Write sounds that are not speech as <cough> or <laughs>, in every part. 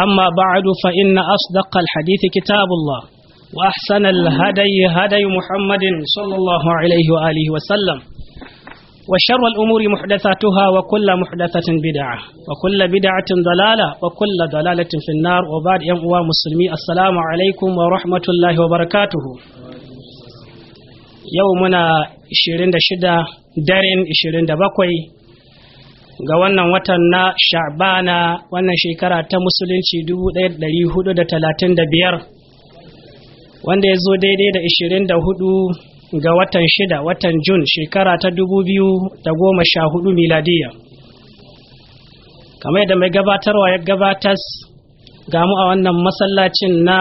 أما بعد فإن أصدق الحديث كتاب الله وأحسن الهدي هدي محمد صلى الله عليه وآله وسلم وشر الأمور محدثاتها وكل محدثة بدعة وكل بدعة ضلالة وكل ضلالة في النار وبعد يوم مسلمي السلام عليكم ورحمة الله وبركاته يومنا 26 دارين 27 ga wannan watan na sha'bana wannan shekara ta musulunci 1435 wanda ya zo daidai da 24 ga watan shida watan jun shekara ta 2014 miladiya kamar yadda mai gabatarwa ya gabatas mu a wannan masallacin na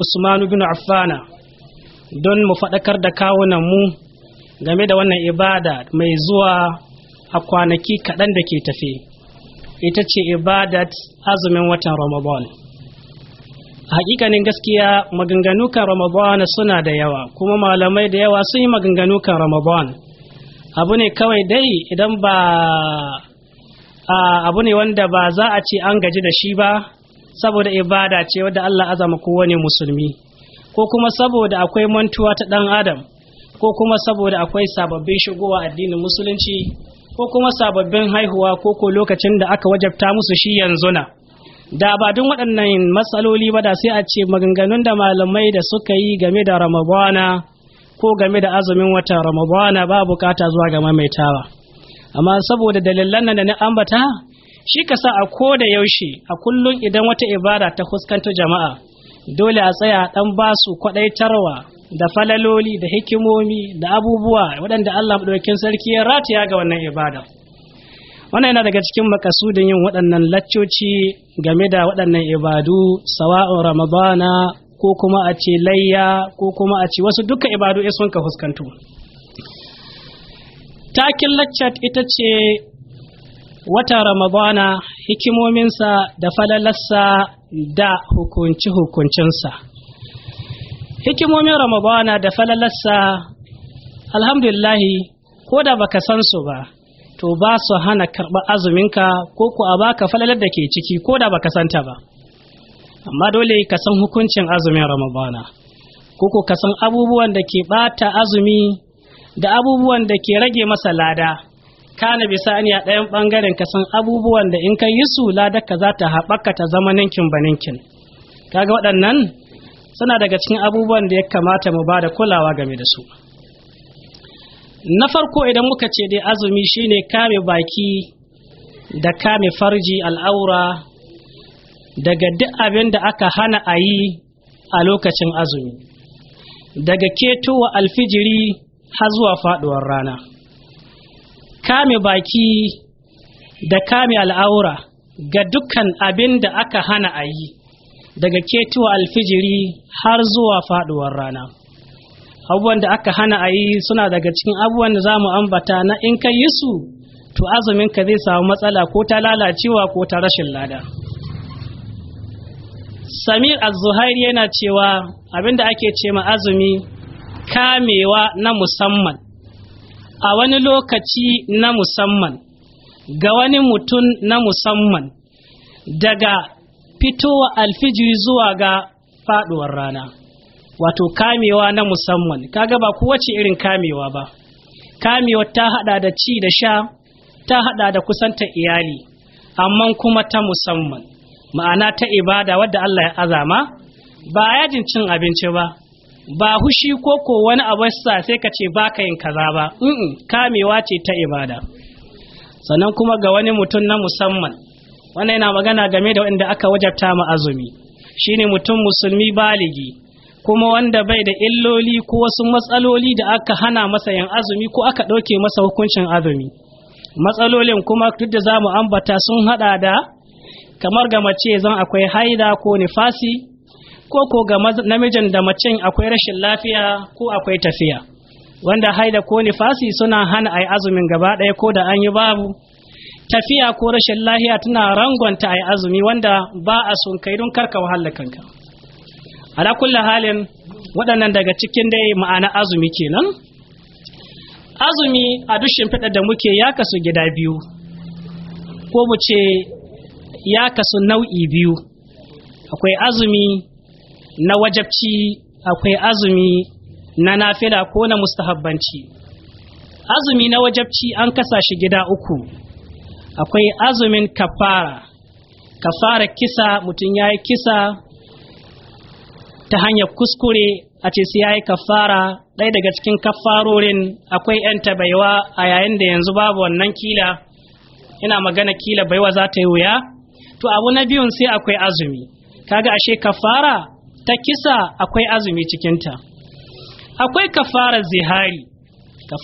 usmanu bin affana don mu faɗakar da kawunan mu game da wannan ibada mai zuwa a kwanaki kaɗan da ke tafe ita ce ibadat azumin watan ramadan hakikanin gaskiya maganganu kan ramadan suna da yawa kuma malamai da yawa sun yi maganganu kan ramadan abu ne kawai dai idan ba abu ne wanda ba za a ce an gaji da shi ba saboda ibada ce wadda Allah azama kowane musulmi ko kuma saboda akwai mantuwa ta ɗan adam ko kuma saboda akwai sababbin shigowa addinin musulunci ko kuma sababbin haihuwa ko ko lokacin da aka wajabta musu shi yanzu na da ba duk waɗannan matsaloli ba da sai a ce maganganun da malamai da suka yi game da ramadana ko game da azumin watan ramadana ba bukata zuwa ga maimaitawa amma saboda dalilan nan da na ambata shi ka sa a ko da yaushe a kullum idan wata ibada ta fuskanta jama'a dole a tsaya dan basu su kwadaitarwa da falaloli da hikimomi da abubuwa waɗanda Allah ɗaukin sarki ya rataya ga wannan ibada wannan yana daga cikin makasudin yin waɗannan laccoci game da waɗannan ibadu sawa'un ramadana ko kuma a ce layya ko kuma a ce wasu duka ibadu ya sun ka fuskantu takin laccat ita ce wata ramadana hikimominsa da falalarsa da hukunci-hukuncinsa hikimomin ramabana da falalarsa alhamdulillahi ko da baka san su ba to ba su hana karɓar azuminka ko ku a baka falalar da ke ciki ko da baka santa ba amma dole ka san hukuncin azumin ramabana ko ko ka san abubuwan da ke ɓata azumi da abubuwan da ke rage masa lada kana bisa ni a ɗayan ɓangaren ka san abubuwan da in ka yi su ladar ka za ta haɓaka ta zama ninkin ba ninkin kaga waɗannan suna daga cikin abubuwan da ya kamata mu bada kulawa game da su na farko idan muka ce dai azumi shine kame baki da kame farji al'aura daga duk abin da aka hana a yi a lokacin azumi daga ketowa alfijiri har zuwa faduwar rana kame baki da kame al'aura ga dukkan abin da aka hana a yi daga ketuwa alfijiri har zuwa faduwar rana abubuwan da aka hana a yi suna daga cikin abubuwan da za mu ambata na in ka yi su to azumin ka zai samu matsala ko ta lalacewa ko ta rashin lada samir az-zuhairi yana cewa abinda ake ce ma azumi kamewa na musamman a wani lokaci na musamman ga wani mutum na musamman daga fitowa alfijiri zuwa ga faduwar rana wato kamewa na musamman kaga ba kowace irin kamewa ba kamewa ta hada da ci da sha ta hada da kusanta iyali amma kuma ta musamman ma'ana ta ibada wadda Allah ya azama ba a yajin cin abinci ba ba hushi ko ko wani abu sa sai ka ce baka yin kaza ba kamewa ce ta ibada sannan kuma ga wani mutum na musamman wannan yana magana game da wanda aka wajabta ma azumi shine mutum musulmi baligi kuma wanda bai da illoli ko wasu matsaloli da aka hana masa yin azumi ko aka ɗauke masa hukuncin azumi matsalolin kuma duk da zamu ambata sun hada da kamar ga mace zan akwai haida ko nifasi ko ko ga namijin da macen akwai rashin lafiya ko akwai tafiya wanda haida ko nifasi suna hana ai azumin gaba ɗaya ko da an yi babu tafiya ko rashin lahiya tana rangonta a azumi wanda ba a son kai don karka wahala kanka ala kulle halin waɗannan daga cikin dai ma'ana azumi kenan azumi a dushin fiɗa da muke ya kasu gida biyu ko mu ce ya kasu nau'i biyu akwai azumi na wajabci akwai azumi na nafila ko na mustahabbanci azumi na wajabci an kasa shi gida uku akwai azumin kafara kafara kisa mutum ya yi kisa ta hanyar kuskure a ce sai ya kafara ɗaya daga cikin kafarorin akwai 'yan tabaiwa a yayin da yanzu babu wannan kila ina magana kila baiwa za ta yi wuya to abu na biyun sai akwai azumi kaga ashe kafara ta kisa akwai azumi cikinta akwai kafara zihari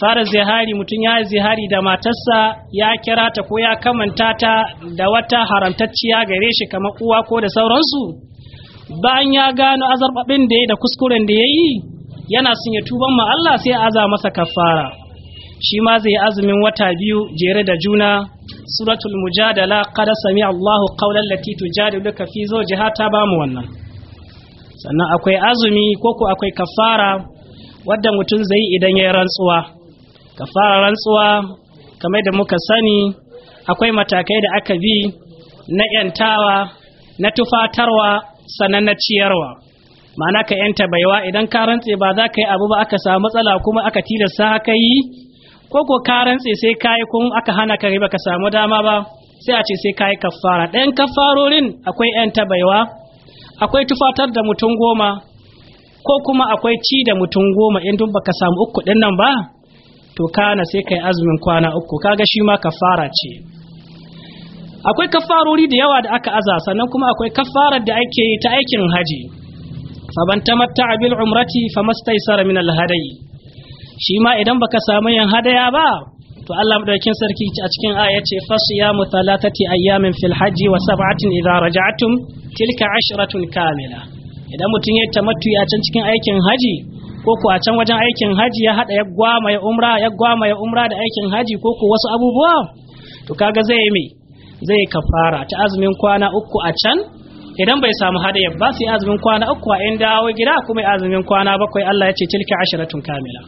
fara zihari mutum ya yi zihari da matarsa ya kira ta ko ya kamanta ta da wata haramtacciya gare shi kamar uwa ko da sauransu bayan ya gano azarbabin da ya da kuskuren da ya yi yana sun ya tuban ma Allah sai aza masa kafara shi ma zai azumin wata biyu jere da juna suratul mujadala qad sami Allahu qawlan lati tujadiluka fi zawjiha ta bamu wannan sannan akwai azumi ko ko akwai kafara wadda mutum zai yi idan ya rantsuwa ka fara rantsuwa kamar da muka sani akwai matakai da aka bi na yantawa na tufatarwa sannan na ciyarwa ma'ana ka yanta baiwa idan ka rantse ba za ka yi abu ba aka samu matsala kuma aka tilasta haka yi ko ko ka rantse sai ka yi kun aka hana ka ba ka samu dama ba sai a ce sai ka yi kafara ɗayan kafarorin akwai yanta baiwa akwai tufatar da mutum goma ko kuma akwai ci da mutum goma in dun baka samu uku din nan ba to kana sai kai azumin kwana uku kaga shi ma kafara ce akwai kafarori da yawa da aka aza sannan kuma akwai kafarar da ake ta aikin haji faban tamatta bil umrati famastaisara min al hadayi shi ma idan baka samu yin hadaya ba to Allah madaukin sarki a cikin aya ce fasiyamu mutalatati ayyamin fil haji wa sab'atin idza raja'tum tilka ashratun kamila idan mutum ya tamattu ya can cikin aikin haji ko ko a can wajen aikin haji ya hada ya gwama ya umra ya gwama ya umra da aikin haji ko ko wasu abubuwa to kaga zai mai zai kafara ta azumin kwana uku a can idan bai samu hadaya ba sai azumin kwana uku a inda dawo gida kuma azumin kwana bakwai Allah ya ce tilka asharatun kamila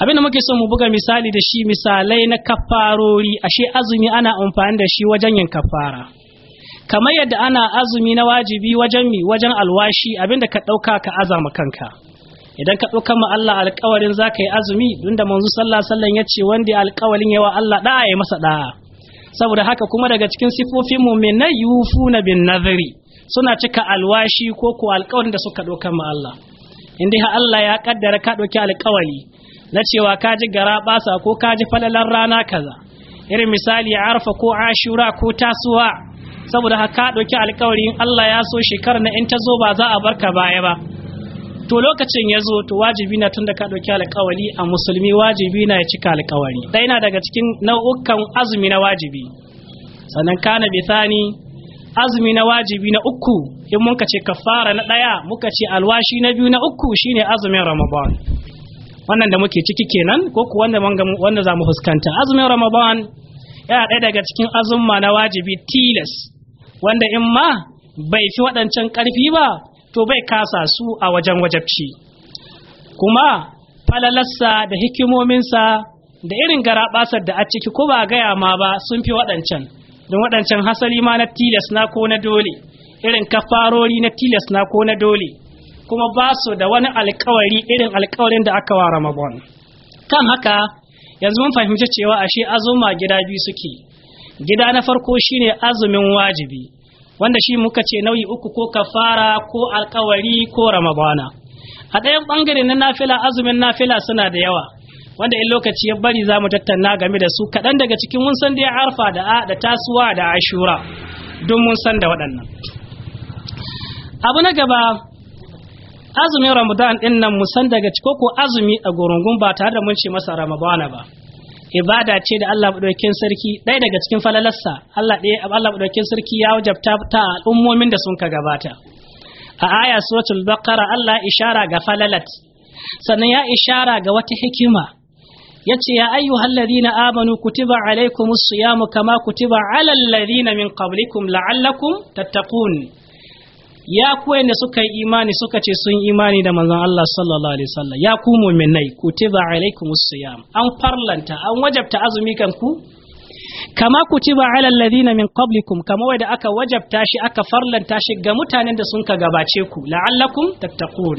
abin da muke son mu buga misali da shi misalai na kafarori ashe azumi ana amfani da shi wajen yin kafara kamar yadda ana azumi na wajibi wajen mi wajen alwashi abinda ka ɗauka ka azama kanka idan ka ɗauka ma Allah alƙawarin za ka yi azumi don da manzo sallah sallan ya ce wanda alƙawarin yawa Allah ɗaya ya masa ɗaya saboda haka kuma daga cikin sifofin yufu na bin nazari suna cika alwashi ko ko alƙawarin da suka ɗauka ma Allah in dai Allah ya ƙaddara ka ɗauki alƙawari na cewa ka ji gara ɓasa ko ka ji falalar rana kaza irin misali arfa ko ashura ko tasuwa saboda haka ɗauki alkawarin Allah ya so shekarar na in ta zo ba za a barka baya ba to lokacin ya zo to wajibi na tun da ka ɗauki alkawari a musulmi wajibi na ya cika alkawari ɗaya na daga cikin nau'ukan azumi na wajibi sannan kana bisani azumi na wajibi na uku in muka ce kafara na ɗaya muka ce alwashi na biyu na uku shine azumin ramadan wannan da muke ciki kenan ko ku wanda wanda za mu fuskanta azumin ramadan yana ɗaya daga cikin azumma na wajibi tilas wanda in ma bai fi waɗancan ƙarfi ba to bai kasa su a wajen wajabci kuma falalarsa da hikimominsa da irin garaɓasar da a ciki ko ba gaya ma ba sun fi waɗancan don waɗancan hasali ma na tilas na ko na dole irin kafarori na tilas na ko na dole kuma ba su da wani alkawari irin alkawarin da aka wa Ramadan. Kan haka, yanzu mun fahimci cewa ashe azuma gida biyu suke, gida na farko shine azumin wajibi wanda shi muka ce nauyi uku ko kafara ko alkawari ko ramadana a ɗayan ɓangare na nafila azumin nafila suna da yawa wanda in lokaci ya bari za mu tattauna game da su kaɗan daga cikin mun san da ya arfa da a da tasuwa da ashura don mun san da waɗannan abu na gaba azumin ramadan ɗin nan mu san daga ciko ko azumi a gorungun ba tare da mun ce masa ramadana ba ibada ce da Allah madaukakin sarki ɗaya daga cikin falalarsa Allah ɗaya Allah madaukakin sarki ya wajabta ta al'ummomin da sun ka gabata a aya suratul baqara Allah ishara ga falalat sannan ya ishara ga wata hikima yace ya ayyuhal ladina amanu kutiba alaikumus siyamu kama kutiba alal ladina min qablikum la'allakum tattaqun ya ku wanda suka yi imani suka ce sun imani da manzon Allah sallallahu alaihi wasallam ya ku mu'minai kutiba alaikumus siyam an farlanta an wajabta azumi kan ku kama kutiba ala alladhina min qablikum kama wanda aka wajabta shi aka farlanta shi ga mutanen da sun ka gabace ku la'allakum tattaqun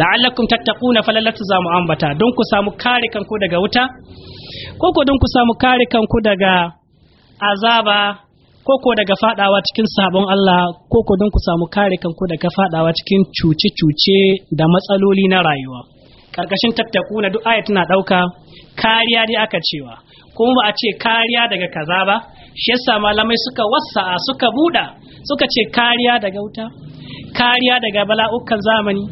la'allakum tattaquna falallatu za mu ambata don ku samu kare kanku daga wuta ko ko don ku samu kare kanku daga azaba koko daga fadawa cikin sabon Allah ko don ku samu kare kanku daga fadawa cikin cuce-cuce da matsaloli na rayuwa karkashin tattaku na duk aya tana ɗauka kariya dai aka cewa kuma ba a ce kariya daga kaza ba shi yasa malamai suka a suka buɗa suka ce kariya daga wuta kariya daga bala'ukan zamani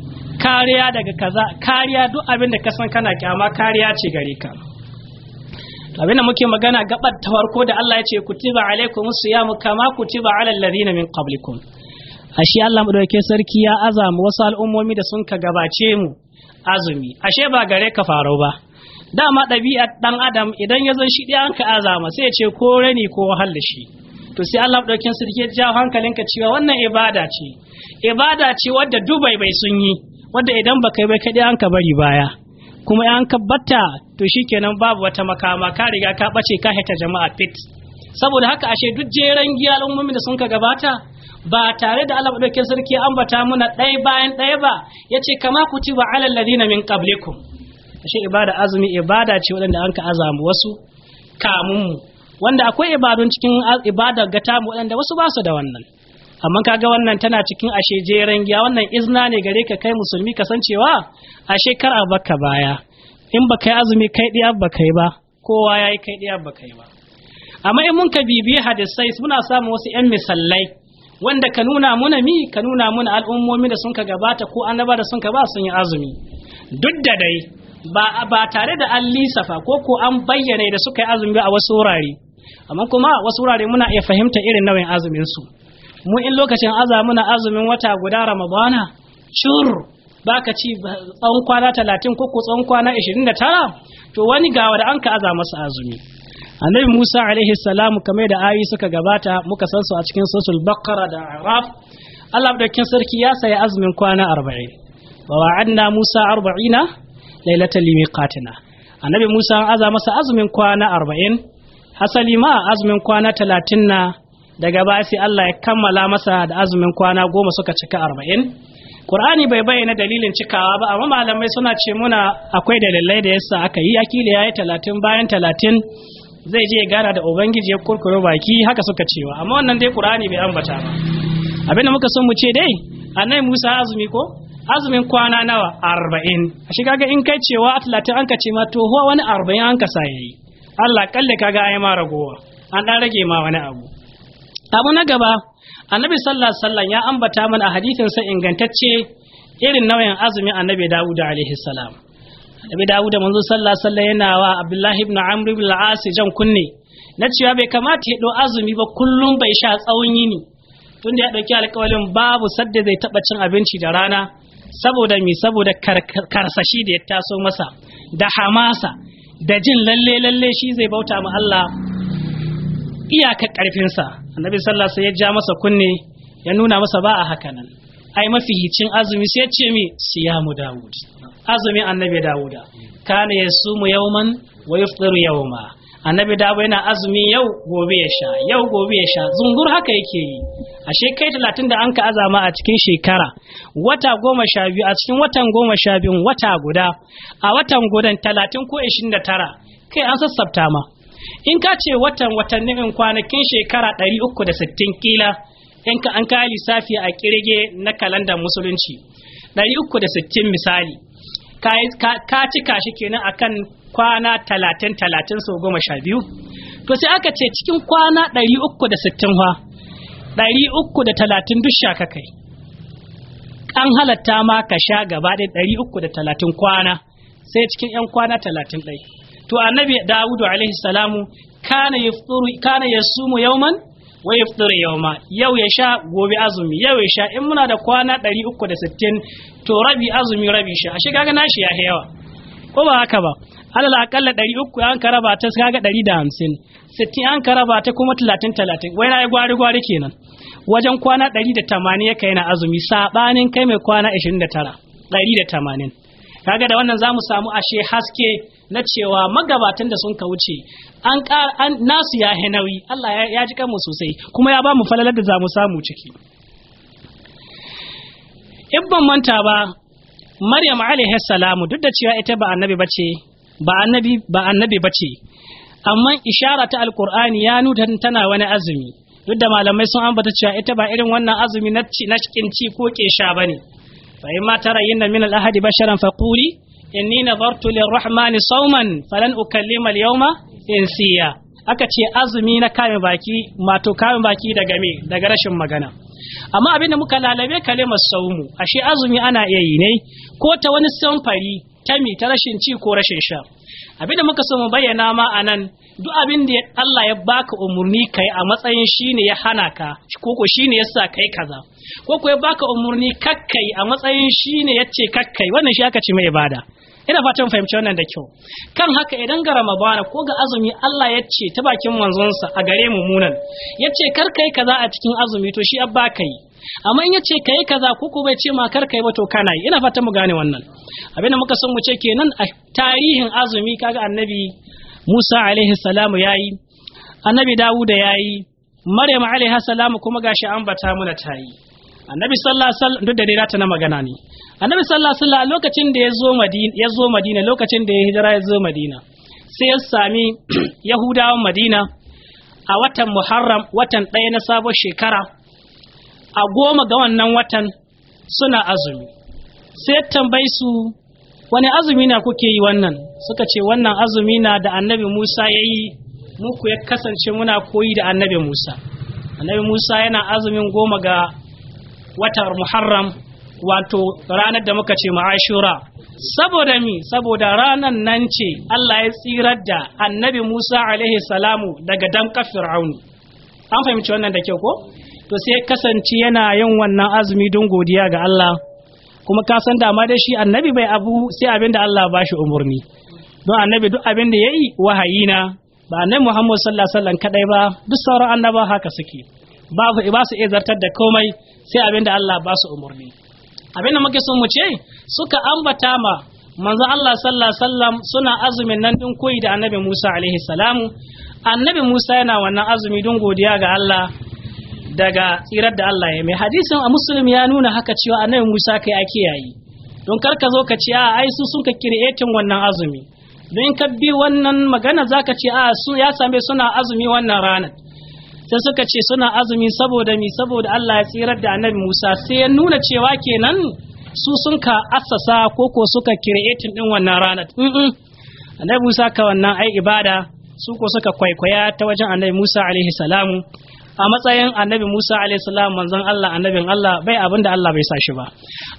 kariya daga kaza kariya duk abin da ka san kana kyama kariya ce gare ka abinda muke magana gabar ta farko da Allah ya ce kutiba alaikum siyamu kama kutiba alal a min qablikum ashe Allah madaukakin sarki ya azama wasu al'ummomi da sun ka gabace mu azumi ashe ba gare ka faro ba dama ɗabi'ar ɗan adam idan ya zan shi ka azama sai ya ce ko rani ko wahal da shi to sai Allah ɗaukin sarki ya jawo hankalinka cewa wannan ibada ce ibada ce wadda dubai bai sun yi wadda idan baka yi bai kaɗai an ka bari baya kuma yan ka batta to shikenan babu wata makama ka riga ka bace ka hita jama'a fit saboda haka ashe duk jeren giya al'ummomi da sun ka gabata ba tare da Allah madaukakin sarki an ambata muna ɗaya bayan ɗaya ba yace kama ku kutiba alal ladina min qablikum ashe ibada azumi ibada ce waɗanda an ka azamu wasu kamun mu wanda akwai ibadun cikin ibada ga tamu waɗanda wasu ba su da wannan amma kaga wannan tana cikin ashe jeren giya wannan izna ne gare ka kai musulmi kasancewa san shekara a baka baya in ba kai azumi kai diya ba kai ba kowa ya yi kai diya ba kai ba amma in mun ka bibiyi hadisai muna samun wasu yan misalai wanda ka nuna muna mi ka nuna muna al'ummomi da sun ka gabata ko annaba da sun ka ba sun yi azumi duk da dai ba, ba tare da an lisafa ko ko an bayyana da suka yi azumi a wasu wurare amma kuma wasu wurare muna iya fahimta irin nauyin azumin su mu in lokacin azamuna azumin wata guda ramadana shur baka ci tsawon kwana talatin ko ko tsawon kwana ishirin da tara to wani gawa da an ka aza masa azumi annabi musa alaihi salamu kamar da ayi suka gabata muka san su a cikin sosul baqara da araf allah abdakin sarki ya sayi azumin kwana arba'in wa wa'adna musa arba'ina lailatal limiqatina annabi musa an aza masa azumin kwana arba'in hasali ma azumin kwana talatin daga baya sai Allah ya kammala masa da azumin kwana goma suka cika arba'in Qur'ani bai bayyana dalilin cikawa ba amma malamai suna ce muna akwai dalilai da yasa aka yi akili yayi talatin bayan talatin zai je gara da ubangiji ya kurkure baki haka suka cewa amma wannan dai Qur'ani bai ambata ba abinda muka son mu ce dai nai Musa azumi ko azumin kwana nawa arba'in a shiga ga in kai cewa talatin an ka ce ma to wani arba'in an ka sa yi. Allah kalle kaga ai ma ragowa an dan rage ma wani abu abu na gaba annabi sallallahu alaihi wasallam ya ambata mana a hadisin sa ingantacce irin nauyin azumin annabi dawud alaihi salam annabi dawud manzo sallallahu alaihi yana wa abdullahi ibn amr ibn al-as jan kunne na cewa bai kamata ya ɗau azumi ba kullum bai sha tsawon yini tunda ya ɗauki alƙawalin babu sadda zai taɓa cin abinci da rana saboda mi saboda karsashi da ya taso masa da hamasa da jin lalle lalle shi zai bauta ma Allah iyakar ƙarfinsa annabi sallallahu alaihi ya ja masa kunne ya nuna masa ba a haka nan ai mafihicin azumi sai ya ce mi siyamu dawud azumin annabi dawuda kana yasumu yawman wa yafṭiru yawma annabi dawud yana azumi yau gobe ya sha yau gobe ya sha zungur haka yake yi ashe kai talatin da an ka azama a cikin shekara wata goma sha biyu a cikin watan goma sha biyun wata guda a watan gudan talatin ko ishirin da tara kai an sassabta ma in ka ce watan watanni in kwanakin shekara 360 kila in ka an ka lissafi a kirge na kalandar musulunci 360 misali ka cika shi kenan akan kwana 30 30 sau goma sha biyu to sai aka ce cikin kwana 360 wa 330 duk sha kai an halatta ma ka sha gaba ɗaya 330 kwana sai cikin 'yan kwana 30 ɗaya to annabi Dawudu alaihi salamu kana yafturu kana yasumu yawman wa yafturu yawma yau ya sha gobe azumi yau ya sha in muna da kwana 360 to rabi azumi rabi sha ashe kaga nashi ya hewa ko ba haka ba alal aqalla 300 an karaba ta kaga 150 60 an karaba ta kuma 30 30 wai na yi gwari gwari kenan wajen kwana 180 ya kai na azumi sabanin kai mai kwana 29 180 kaga da wannan zamu samu ashe haske na cewa magabatan da sun ka wuce an nasu ya nauyi, Allah ya ji kanmu sosai kuma ya ba mu falalar da za mu samu ciki ibban manta ba Maryam alaihi salamu duk da cewa ita ba annabi bace ba annabi ba annabi bace amma ishara ta alqur'ani ya nuna tana wani azumi duk da malamai sun ambata cewa ita ba irin wannan azumi na ci cikin ci ko ke sha bane fa in ma tara yinna min al-ahadi basharan faquli inni nadartu lirrahmani sauman falan ukallima alyawma In insiya aka ce azumi na kame baki mato kame baki daga me daga rashin magana amma abin da muka lalabe kalimar saumu ashe azumi ana iya yi ne ko ta wani samfari ta mi ta rashin ci ko rashin sha abin da muka so mu bayyana ma anan duk abin da Allah ya baka umurni kai a matsayin shine ya hana ka ko ko shine yasa kai kaza ko ko ya baka umurni kakkai a matsayin shine yace kakkai wannan shi aka ce mai ibada ina fatan fahimci wannan da kyau kan haka idan ga ramadana ko ga azumi Allah ya ce ta bakin manzonsa a gare mu munan ya ce kar kai kaza a cikin azumi to shi abba kai amma in ya ce kai kaza ko ko bai ce ma kar kai ba to kana yi ina fatan mu gane wannan abin da muka san mu ce kenan a tarihin azumi kaga annabi Musa alaihi salamu yayi annabi Dawuda yayi Maryam alaiha salamu kuma gashi an bata muna tayi annabi sallallahu alaihi wasallam duk da dai ta na magana ne annabi sallallahu alaihi wasallam lokacin da ya zo madina ya madina lokacin da ya hijira ya zo madina sai ya sami <clears throat> yahudawan madina a watan muharram watan ɗaya na sabon shekara a goma ga wannan watan suna azumi sai ya tambayi su wani azumi na kuke yi wannan suka ce wannan azumi na da annabi musa ya yi muku ya kasance muna koyi da annabi musa annabi musa yana azumin goma ga watan muharram wato ranar da muka ce ma'ashura saboda mi saboda ranar nan ce Allah ya tsirar da annabi Musa alaihi salamu daga damƙa fir'auni an fahimci wannan da kyau ko to sai kasance yana yin wannan azumi don godiya ga Allah kuma ka san dama da shi annabi bai abu sai abin da Allah ba shi umarni don annabi duk abin da yayi wahayi na ba annabi Muhammad sallallahu alaihi wasallam kadai ba duk sauran annaba haka suke ba su iya zartar da komai sai abin da Allah ba su umarni abin muke so mu ce suka ambata ma manzo Allah sallallahu alaihi wasallam suna azumin nan din koyi da annabi Musa alaihi salamu annabi Musa yana wannan azumi don godiya ga Allah daga tsirar da Allah ya mai hadisin a musulmi ya nuna haka cewa annabi Musa kai ake yayi don kar ka zo ka ce a ai su sun ka kiretin wannan azumi don ka bi wannan magana zaka ce a su ya same suna azumi wannan ranar sai suka ce suna azumi saboda mi saboda Allah ya tsirar da annabi Musa sai ya nuna cewa kenan su sun ka assasa ko ko suka creating din wannan rana annabi Musa ka wannan ai ibada su ko suka kwaikwaya ta wajen annabi Musa alaihi salamu a matsayin annabi Musa alayhi salam manzon Allah annabin Allah bai abinda da Allah bai sa shi ba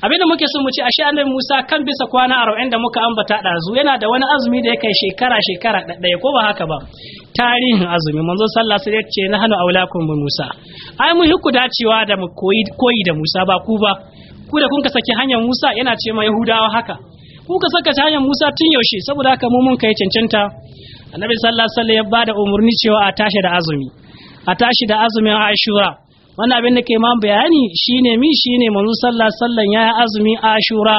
abin da muke so mu ce ashe annabi Musa kan bisa kwana 40 da muka ambata dazu yana da wani azumi da ya kai shekara shekara daya ko ba haka ba tarihin azumi manzo sallah sai ce na hanu aulakum bi Musa ai mun hiku dacewa da mu koyi koyi da Musa ba ku ba ku da kun ka saki hanyar Musa yana ce ma Yahudawa haka ku ka saka hanyar Musa tun yaushe saboda haka mu mun kai cancanta annabi sallallahu alaihi wasallam ya bada umarni cewa a tashi da azumi a tashi da azumin ashura wani abin da ke man bayani shine mi shine manzo sallah sallan ya azumin ashura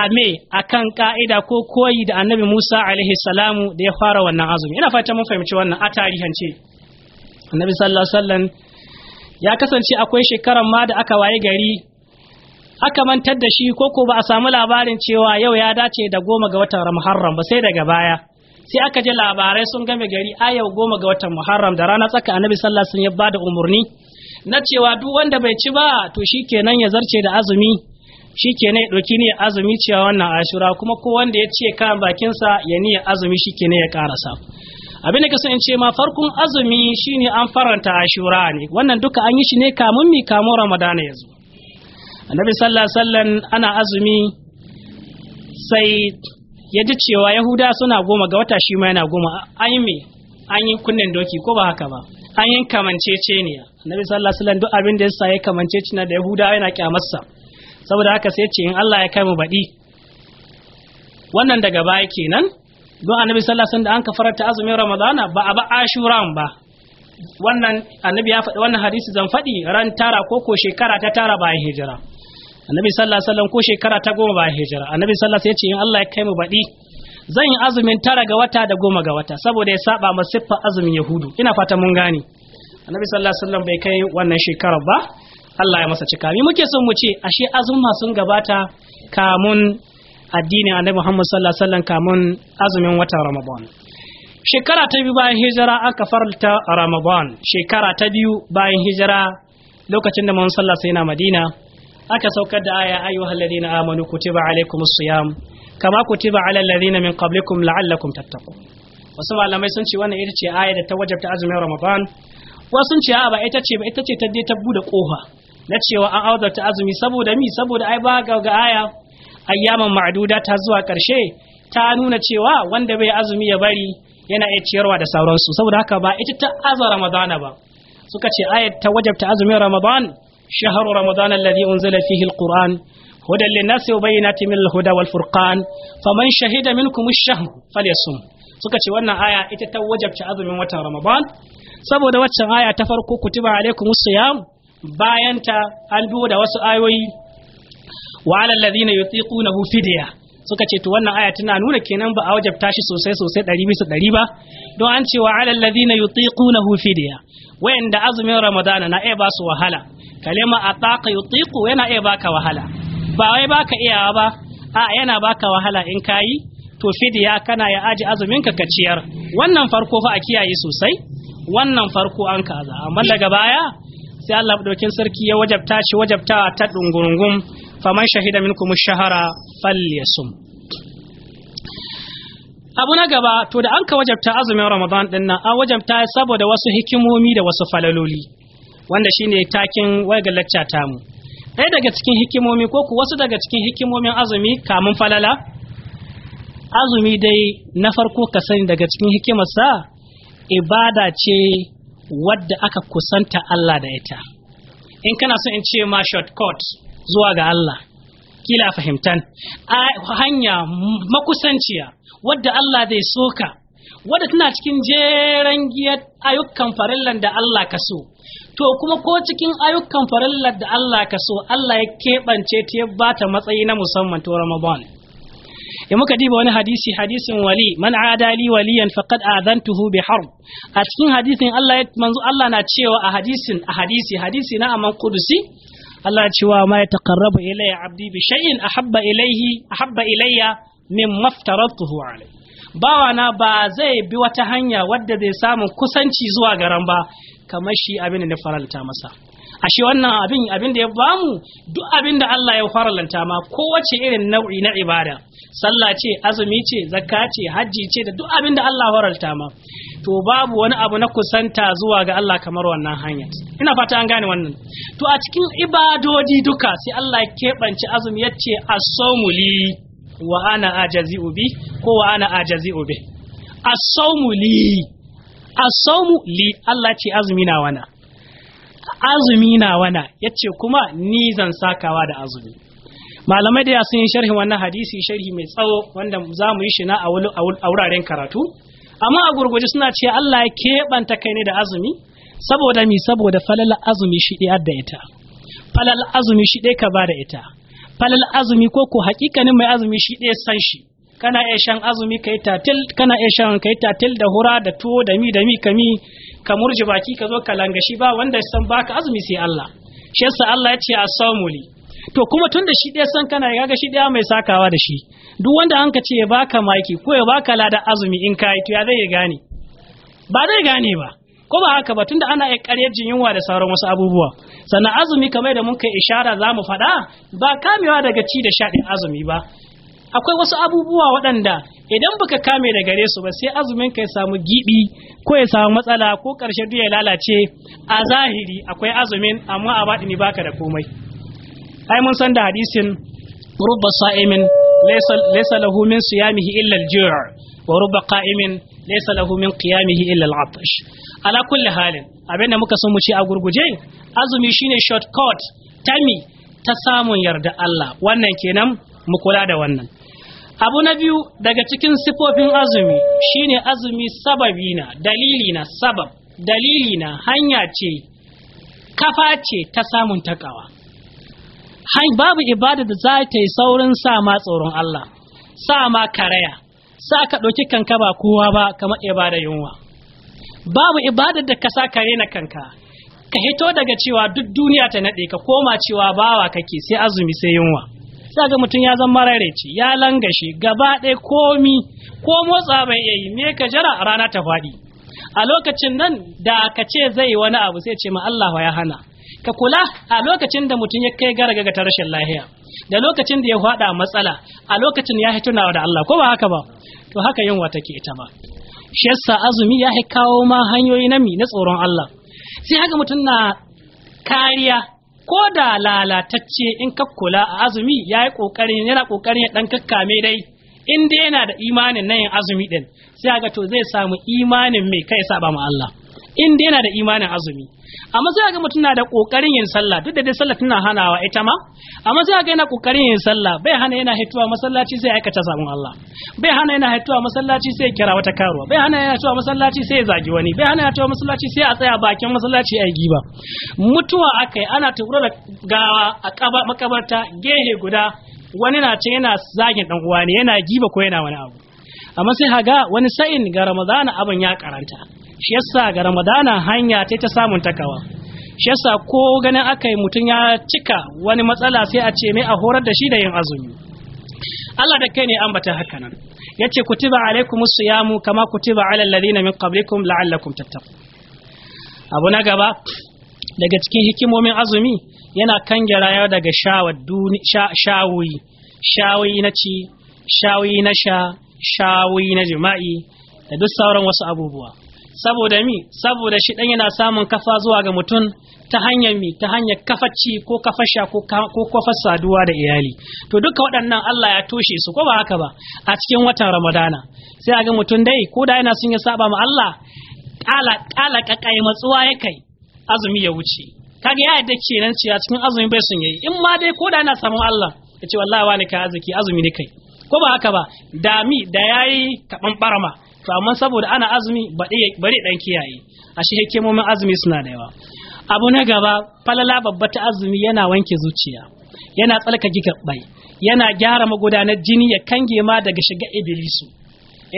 a me akan ka'ida ko koyi da annabi musa alaihi salamu da ya fara wannan azumi ina fata mun fahimci wannan a tarihance annabi sallah sallan ya kasance akwai shekaran ma da aka waye gari aka mantar da shi ko ko ba a samu labarin cewa yau ya dace da goma ga watan Muharram ba sai daga baya sai aka je labarai sun game gari a yau goma ga watan muharram da rana tsaka annabi sallallahu alaihi wasallam ya bada umarni na cewa duk wanda bai ci ba to shikenan ya zarce da azumi shikenan ya doki ne azumi cewa wannan ashura kuma ko wanda ya ce kan bakinsa ya niyya azumi shikenan ya karasa abin da kasan in ce ma farkon azumi shine an faranta ashura ne wannan duka an yi shi ne kamun mi kamun ramadana ya zo annabi sallallahu alaihi wasallam ana azumi sai ya ji cewa yahuda suna goma ga wata shi ma yana goma an yi an yi kunnen doki ko ba haka ba an yi ne, annabi sallallahu alaihi wasallam duk abin da yasa ya na da yahuda yana kyamarsa saboda haka sai ce in Allah ya kai mu baɗi wannan daga baya kenan don annabi sallallahu alaihi wasallam da an kafarta azumin ramadana ba a ba ashuran ba wannan annabi ya faɗi wannan hadisi zan faɗi ran tara ko ko shekara ta tara bayan hijira annabi sallallahu alaihi wasallam ko shekara ta goma ba hijira annabi sallallahu alaihi wasallam ya ce in Allah ya kai mu baɗi zan yi azumin tara ga wata da goma ga wata saboda ya saba ma siffar azumin yahudu ina fata mun gane annabi sallallahu alaihi wasallam bai kai wannan shekara ba Allah ya masa cika muke son mu ce ashe azumma sun gabata kamun addinin annabi Muhammad sallallahu alaihi wasallam kamun azumin watan Ramadan shekara ta biyu bayan hijira aka farta Ramadan shekara ta biyu bayan hijira lokacin da sallallahu alaihi wasallam yana Madina aka saukar da aya ayu ladina amanu kutiba alaikumus siyam kama kutiba alal ladina min qablikum la'allakum tattaqun wasu malamai sun ce wannan ita ce aya da ta wajabta azumin ramadan wasu sun ce a ba ita ce ba ita ce ta dai ta bude kofa na cewa an ta azumi saboda mi saboda ai ba ga aya ayyaman ma'duda ta zuwa karshe ta nuna cewa wanda bai azumi ya bari yana iya ciyarwa da sauransu saboda haka ba ita ta aza ramadana ba suka ce ayat ta wajabta azumin ramadan شهر رمضان الذي أنزل فيه القرآن هدى للناس وبينات من الهدى والفرقان فمن شهد منكم الشهر فليصم suka وانا آية اتتوجب ita من وطن رمضان سبو Ramadan saboda آية تفرقو كتب عليكم الصيام باينتا siyam bayan ta an biyo da wasu ayoyi suka ce to wannan aya tana nuna kenan ba a wajabta shi sosai sosai dari bisa dari ba don an ce wa alal ladina yutiqunahu fidya wayanda azumin ramadana na iya ba su wahala kalima ataka yutiqu yana iya baka wahala ba wai baka iyawa ba a yana baka wahala in kayi to fidiya kana ya aji azumin ka wannan farko fa a kiyaye sosai wannan farko an kaza amma daga baya sai Allah dokin sarki ya wajabta shi wajabtawa ta dungurungum faman shahida minkum shahara falyasum abu na gaba to da an ka wajabta azumin ramadan din nan an wajabta saboda wasu hikimomi da wasu falaloli wanda shine takin waigar lacca ta mu. ɗaya daga cikin hikimomi ko ku wasu daga cikin hikimomin azumi kamun falala azumi dai na farko ka sani daga cikin hikimarsa ibada ce wadda aka kusanta Allah da ita in kana so in ce ma shortcut zuwa ga Allah kila fahimtan hanya makusanciya wadda Allah zai soka wadda tana cikin jeren giyar ayyukan farillan da Allah ka so to kuma ko cikin ayyukan farallar da Allah ka so Allah ya keɓance ta ya ba ta matsayi na musamman to Ramadan ya muka diba wani hadisi hadisin wali man adali waliyan faqad adantuhu bi harb a cikin hadisin Allah ya manzo Allah na cewa a hadisin a hadisi hadisi na aman kudusi Allah cewa ma ya taqarraba ilayya abdi bi shay'in ahabba ilayhi ahabba ilayya min maftaratuhu alayhi bawana ba zai bi wata hanya wadda zai samu kusanci zuwa garan ba kamar shi abin da faralta masa ashe wannan abin abin da ya bamu duk abin da Allah ya faralta ma kowace irin nau'i na ibada sallah ce azumi ce zakka ce hajji ce da duk abin da Allah faralta ma to babu wani abu na kusanta zuwa ga Allah kamar wannan hanya ina fata an gane wannan to a cikin ibadodi duka sai Allah ya keɓance azumi yace as-sawmuli wa ana ajazi ubi ko wa ana ajazi'u bi as-sawmuli asawmu li Allah ce azumi na wana azumi na wana yace kuma ni zan sakawa da azumi malamai da sun yi sharhin wannan hadisi sharhi mai tsawo wanda za mu yi shi na a wuraren karatu amma a gurguje suna ce Allah ya keɓanta kai ne da azumi saboda mi saboda falal azumi shi ɗaya da ita falal azumi shi ɗaya ka ba da ita falal azumi ko ko hakikanin mai azumi shi ɗaya san shi kana iya shan azumi kai tatil kana iya shan kai tatil da hura da tuwo da mi da mi kami ka murji baki ka zo ka langashi ba wanda ya san baka azumi sai Allah shi yasa Allah ya ce asamu li to kuma tun da shi ɗaya san kana ya ga shi ɗaya mai sakawa da shi duk wanda an ka ce ya baka maki ko ya baka lada azumi in kai to ya zai ya gane ba zai gane ba ko ba haka ba tunda ana ƙaryar jin yunwa da sauran wasu abubuwa sannan azumi kamar da muka ishara za mu faɗa ba kamewa daga ci da sha azumi ba akwai wasu abubuwa waɗanda idan baka kame da gare su ba sai azumin ka ya samu gibi ko ya samu matsala ko ƙarshe duk ya lalace a zahiri akwai azumin amma a ne baka da komai ai mun san da hadisin rubba sa'imin laysa lahu min siyamihi illa al-ju' wa rubba qa'imin laysa lahu min qiyamihi illa al-'atash ala kulli halin abinda muka san mu ce a gurguje azumi shine shortcut tami ta samun yarda Allah wannan kenan mu kula da wannan abu na biyu daga cikin sifofin azumi shine azumi sababi na dalili na sabab dalili na hanya ce kafa ce ta samun takawa babu ibada da za ta yi saurin sama tsoron Allah sa ma karaya sa ka ɗauki kanka ba kowa ba kamar ibada yunwa babu ibadar da ka sa kare na kanka ka hito daga cewa duk duniya ta naɗe ka koma cewa bawa kake sai azumi sai yunwa sai ga mutum ya zama marareci ya langashe gaba ɗaya komi ko motsa bai iya yi me ka jira a rana ta faɗi a lokacin nan da ka ce zai wani abu sai ce ma Allah ya hana ka kula a lokacin da mutum ya kai garagaga ta rashin lahiya da lokacin da ya faɗa matsala a lokacin ya tunawa da Allah ko ba haka ba to haka yunwa ke ita ba. shi azumi ya kawo ma hanyoyi na mi na tsoron Allah sai haka mutum na kariya ko da lalatacce in ka kula a azumi ya yi ƙoƙarin yana ƙoƙarin ya ɗan kakkame dai inda yana da imanin na yin azumi ɗin sai ga to zai samu imanin mai kai saba ma Allah in dai yana da imanin azumi amma sai ga mutum na da kokarin yin sallah duk da dai sallah tana hanawa ita ma amma sai ga yana kokarin yin sallah bai hana yana haituwa masallaci sai aikata samun Allah bai hana yana haituwa masallaci sai kira wata karuwa bai hana yana haituwa masallaci sai ya zagi wani bai hana yana haituwa masallaci sai a tsaya bakin masallaci a giba mutuwa akai ana tura da gawa a makabarta gehe guda wani na ce yana zagin dan uwa ne yana giba ko yana wani abu amma sai haga wani sa'in ga ramadana abin ya karanta shi yasa ga ramadana hanya ta ta samun takawa shi yasa ko ganin aka yi mutum ya cika wani matsala sai a ce mai a horar da shi da yin azumi Allah da kai ne ambata haka nan yace kutiba alaikumus siyamu kama kutiba alal ladina min qablikum la'allakum tattaqu abu na gaba daga cikin hikimomin azumi yana kan gyaraya daga shawuyi shawuyi na ci shawuyi na sha shawuyi na jima'i da duk sauran wasu abubuwa saboda mi saboda shi dan yana samun kafa zuwa ga mutum ta hanyar mi ta hanyar kafaci ko kafasha ko kafar saduwa da iyali to duka waɗannan Allah ya toshe su ko ba haka ba a cikin watan Ramadana sai a ga mutum dai ko da yana son ya saba ma Allah ƙala ƙaƙai matsuwa ya kai azumi ya wuce kaga ya yadda nan cewa cikin azumi bai sun yayi in ma dai ko da yana samu Allah ya ce wallahi wani ka arziki azumi ne kai ko ba haka ba da mi da yayi kaban barama to amma saboda ana azumi bari dan kiyaye ashe hikimomin azumi suna da yawa abu na gaba falala babba ta azumi yana wanke zuciya yana tsalkake gabbai yana gyara magudanar jini ya kange ma daga shiga ibilisu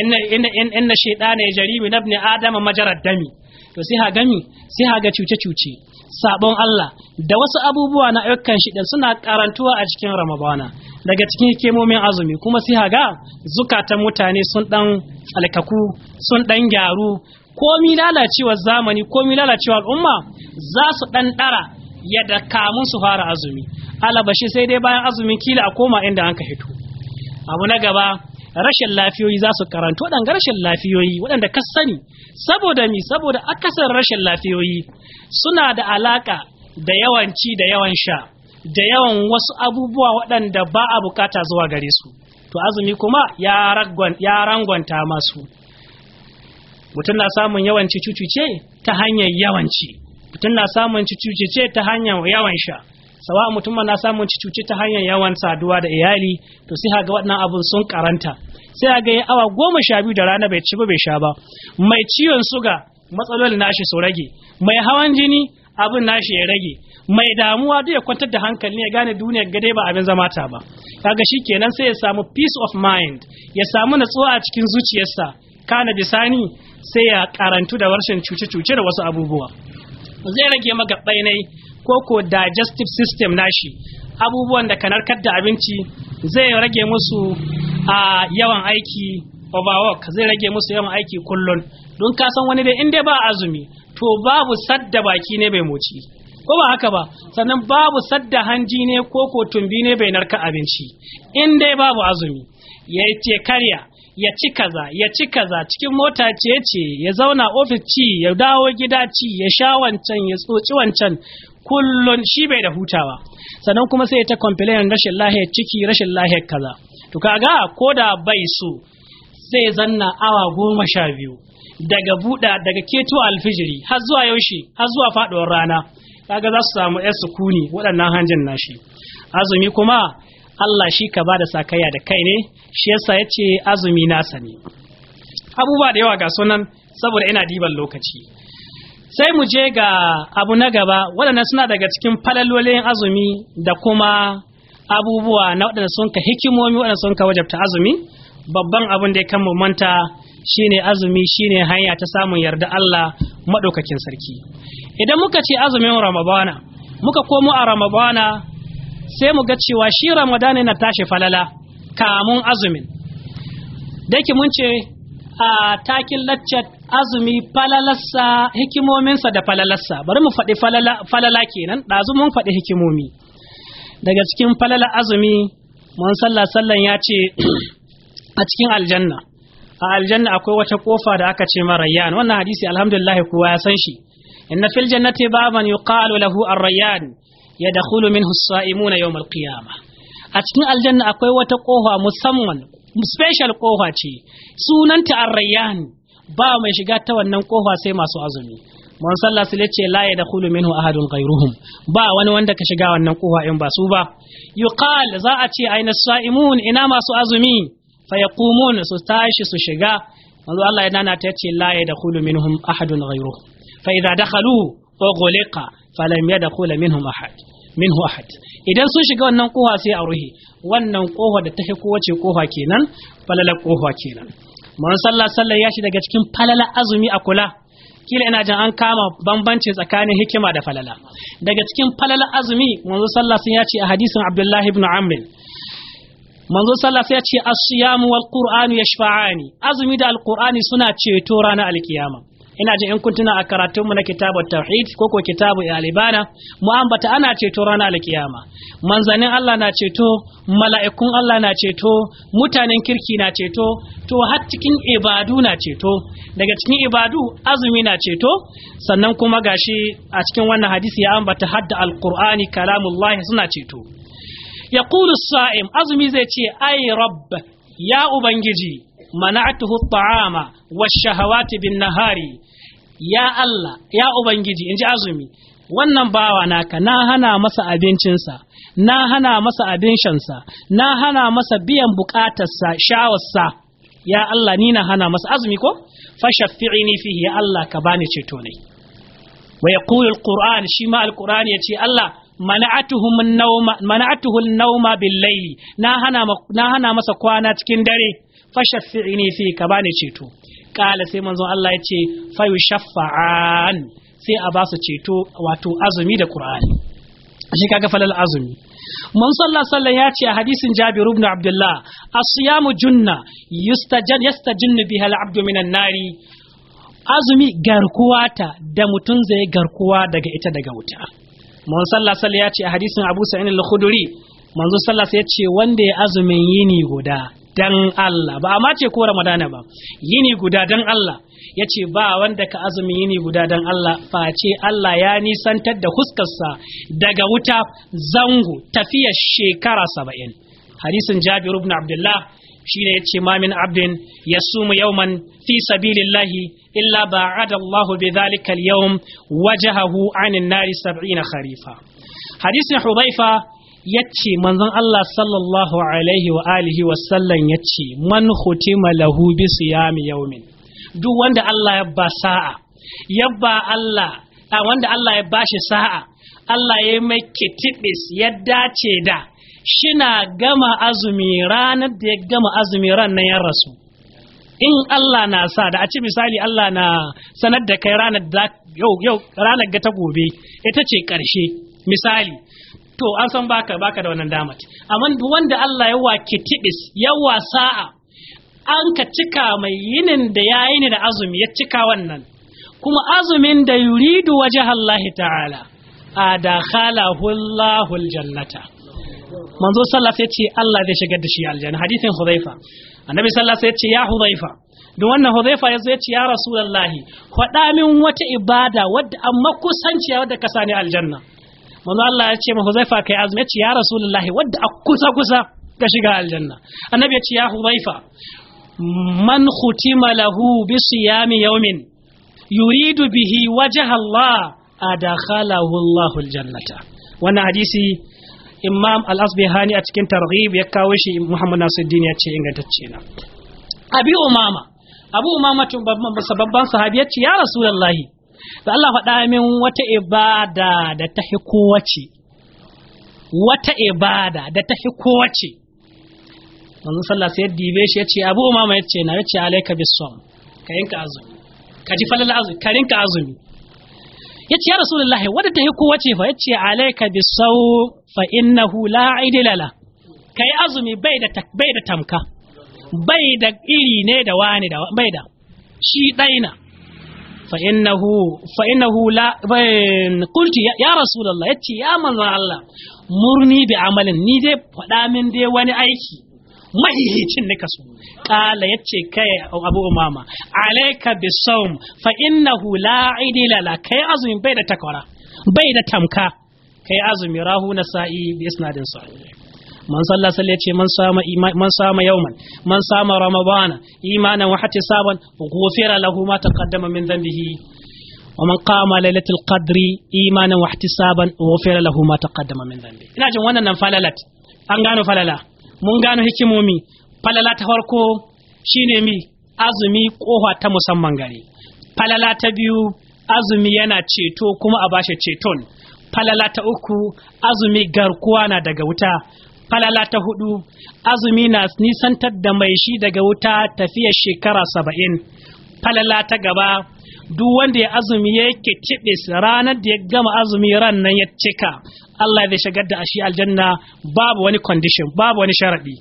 inna inna inna ya yajri na ibn adama majarad dami to sai ha gami sai ha ga cuce cuce sabon Allah da wasu abubuwa na ayyukan shi suna karantuwa a cikin Ramadana daga cikin hikimomin azumi kuma sai haga zukatan mutane sun dan alkaku sun dan gyaru komi lalacewar zamani komi lalacewar al'umma za su dan dara yadda kamun su fara azumi alabashi sai dai bayan azumin kila a koma inda an ka hito abu na gaba rashin lafiyoyi za su karanto dan rashin lafiyoyi waɗanda ka sani saboda mi saboda akasar rashin lafiyoyi suna da alaka da yawanci da yawan sha da yawan wasu abubuwa waɗanda ba a bukata zuwa gare su to azumi kuma ya rangwanta masu mutum na samun yawan cucuce ta hanyar yawanci mutum na samun cucuce ta hanyar yawan sha sawa mutum na samun cucuce ta hanyar yawan saduwa da iyali to sai haga waɗannan abun sun karanta sai haga yi awa goma sha biyu da rana bai ci ba bai sha ba mai ciwon suga matsalolin nashi su rage mai hawan jini abin nashi ya rage mai damuwa duk ya kwantar da hankali ya gane duniyar gade ba abin zama ta ba kaga shikenan sai ya samu peace of mind ya samu natsuwa a cikin zuciyarsa kana bisani sai ya karantu da warshen cuce-cuce da wasu abubuwa zai rage maka bainai ko ko digestive system nashi abubuwan da kanarkar da abinci zai rage musu a yawan aiki overwork zai rage musu yawan aiki kullun don ka san wani dai in dai ba azumi to babu sadda baki ne bai moci ko ba haka ba sannan babu sadda hanji ne ko ko tumbi ne bai narka abinci in dai babu azumi ya ce karya ya ci kaza ya ci kaza cikin mota ce ce ya zauna ofis ci ya dawo gida ci ya sha wancan ya tsoci wancan kullun shi bai da hutawa sannan kuma sai ta complain rashin lahiyar ciki rashin lahiyar kaza to kaga ko da bai so sai zanna awa goma sha biyu daga buɗa daga keto alfijiri har zuwa yaushe har zuwa faɗuwar rana kaga za su samu yar sukuni waɗannan hanjin nashi azumi kuma Allah shi ka bada sakayya da kai ne shi yasa yace azumi nasa ne abubuwa da yawa ga sunan saboda ina diban lokaci sai mu je ga abu na gaba waɗannan suna daga cikin falalolin azumi da kuma abubuwa na waɗanda sun ka hikimomi waɗanda sun ka wajabta azumi babban abin da ya kan manta shine azumi shine hanya ta samun yarda Allah madaukakin sarki idan muka ce azumin ramadana muka komo a ramadana sai mu ga cewa shi ramadana na tashi falala kamun azumin daki mun ce a takin laccat azumi falalarsa hikimominsa da falalarsa bari mu faɗi falala kenan ɗazu mun faɗi hikimomi daga cikin falala azumi mun sallah sallan ya ce <clears throat> a cikin aljanna a aljanna akwai wata kofa da aka ce ma rayyan wannan hadisi alhamdulillah kowa ya san shi inna fil jannati baban yuqalu lahu ar-rayyan yadkhulu minhu as-sa'imuna yawm al-qiyamah a cikin aljanna akwai wata kofa musamman special kofa ce sunanta ar-rayyan ba mai shiga ta wannan kofa sai masu azumi mun sallah su ce la yadkhulu minhu ahadun ghayruhum ba wani wanda ka shiga wannan kofa in ba su ba yuqal za a ce aina sa'imun ina masu azumi fa yaqumun su tashi su shiga manzo Allah ya nana ta ce la yadkhulu minhum ahadun ghayruhu fa idza dakhalu ughliqa falam yadkhul minhum ahad minhu ahad idan sun shiga wannan kowa sai a ruhi wannan kowa da ta fi kowace kofa kenan falala kowa kenan manzo sallallahu alaihi wasallam ya shi daga cikin falala azumi a kula kila ina jin an kama bambanci tsakanin hikima da falala daga cikin falala azumi manzo sallallahu alaihi wasallam ya ce a hadisin abdullahi ibn amr manzo sallallahu ya ce as-siyamu wal qur'anu yashfa'ani azumi da alqur'ani suna ceto ranar alkiyama ina jin in kuntuna a a karatunmu na kitabut tauhid ko ko kitabu alibana mu ambata ana ceto ranar alkiyama manzanin Allah na ceto mala'ikun Allah na ceto mutanen kirki na ceto to har cikin ibadu na ceto daga cikin ibadu azumi na ceto sannan kuma gashi a cikin wannan hadisi ya ambata hadda alqur'ani kalamullahi suna ceto ya ƙulu sa'im azumi zai ce ai rabb ya ubangiji mana'atuhu ta'ama wa shahawati bin nahari ya Allah ya ubangiji in ji azumi wannan bawa naka na hana masa abincinsa na hana masa abincinsa na hana masa biyan bukatarsa shawarsa ya Allah ni na hana masa azumi ko fashaffi'ini fihi ya Allah ka bani ceto ne wa yaqulu alquran shi ma alquran ce Allah mana'atuhu nauma billaili na na hana masa kwana cikin dare fashaffi'ini fi ka bani ceto kala sai manzon Allah ya ce fayushaffa'an sai a basu ceto wato azumi da qur'ani shi kaga falal azumi man sallallahu ya ce a hadisin Jabir ibn Abdullah as-siyamu junna yustajan yastajinnu biha al-abdu minan nari azumi garkuwa ta da mutum zai garkuwa daga ita daga wuta mun sallah sallah ya ce a hadisin Abu sain al khuduri manzo sallah ya ce wanda ya azumin yini guda dan Allah ba amma ce ko Ramadana ba yini guda dan Allah ya ce ba wanda ka azumin yini guda dan Allah face Allah ya nisantar da huskarsa daga wuta zango tafiyar shekara saba'in hadisin Jabiru ibn Abdullah shine yace ma min abdin yasumu yauman fi sabilillahi illa ba'ada Allah bi dhalika al-yawm wajahahu anin nari 70 kharifa hadisin Hudhaifa yace manzon Allah sallallahu alaihi wa alihi wa sallam yace man khutima lahu bi siyami yawmin duk wanda Allah ya ba sa'a ya ba Allah wanda Allah ya bashi sa'a Allah ya mai kitibis ya dace da shina gama azumi ranar da ya gama azumi ranar ya rasu in Allah na sa da a ci misali Allah na sanar da kai ranar da ga ta gobe ita ce karshe misali to an san baka baka da wannan damat amma wanda Allah ya wake tibis yawa sa'a an ka cika mai yinin da yi ni da azumi ya cika wannan kuma azumin da yuridu waje, Allah ta'ala a da khalahullahu jannata manzo sallallahu ya ce Allah zai shigar da shi aljanna hadisin Hudhaifa annabi sallallahu ya ce ya Hudhaifa da wannan Hudhaifa yazo ya ce ya Rasulullahi faɗa min wata ibada wadda amma kusanciya wadda ka sani aljanna manzo Allah ya ce ma Hudhaifa kai azumi ya ce ya Rasulullahi wadda a kusa kusa ka shiga aljanna annabi ya ce ya Hudhaifa man khutima lahu bi siyami yawmin yuridu bihi wajha Allah adakhalahu Allahu aljannata wannan hadisi imam al-asbihani a cikin targhib ya kawo shi muhammad nasiruddin ya ce ingantacce na abi umama abu umama tun babban sahabi ya ce ya rasulullahi da Allah faɗa min wata ibada da ta fi kowace wata ibada da ta fi kowace manzo sallah sai dibe shi ya ce abu umama ya ce na ya ce alayka bisawm ka yanka azumi ka ji falal azumi ka rinka azumi ya ce ya rasulullahi wata ta fi kowace fa ya ce alayka bisawm fa innahu la idila la kai azumi bai da bai da tamka bai da iri ne da wani da bai da shi daina fa innahu fa innahu la qulti ya rasulullah yace ya manzon Allah murni bi amalin ni dai faɗa min dai wani aiki mahihicin nika so kala yace kai abu umama alaika bisawm fa innahu la idila la kai azumi bai da takwara bai da tamka kai azumi rahu na sa'i bi isnadin sahih man salla salla ce man sama man sama yawman man sama ramadana imanan wa hatisaban ghufira lahu ma taqaddama min dhanbihi ومن قام ليلة القدر إيمانا واحتسابا غفر له ما تقدم min ذنبه ina jin wannan nan falalat an gano falala mun gano hikimomi falala ta farko shine mi azumi kofa ta musamman gare falala ta biyu azumi yana ceto kuma a bashi ceton falala ta uku azumi garkuwa na daga wuta falala ta hudu azumi na nisantar da mai shi daga wuta tafiya shekara saba'in falala ta gaba duk wanda ya azumi ya yake cibis ranar da ya gama azumi ran nan ya cika Allah zai shigar da ashi aljanna babu wani condition babu wani sharadi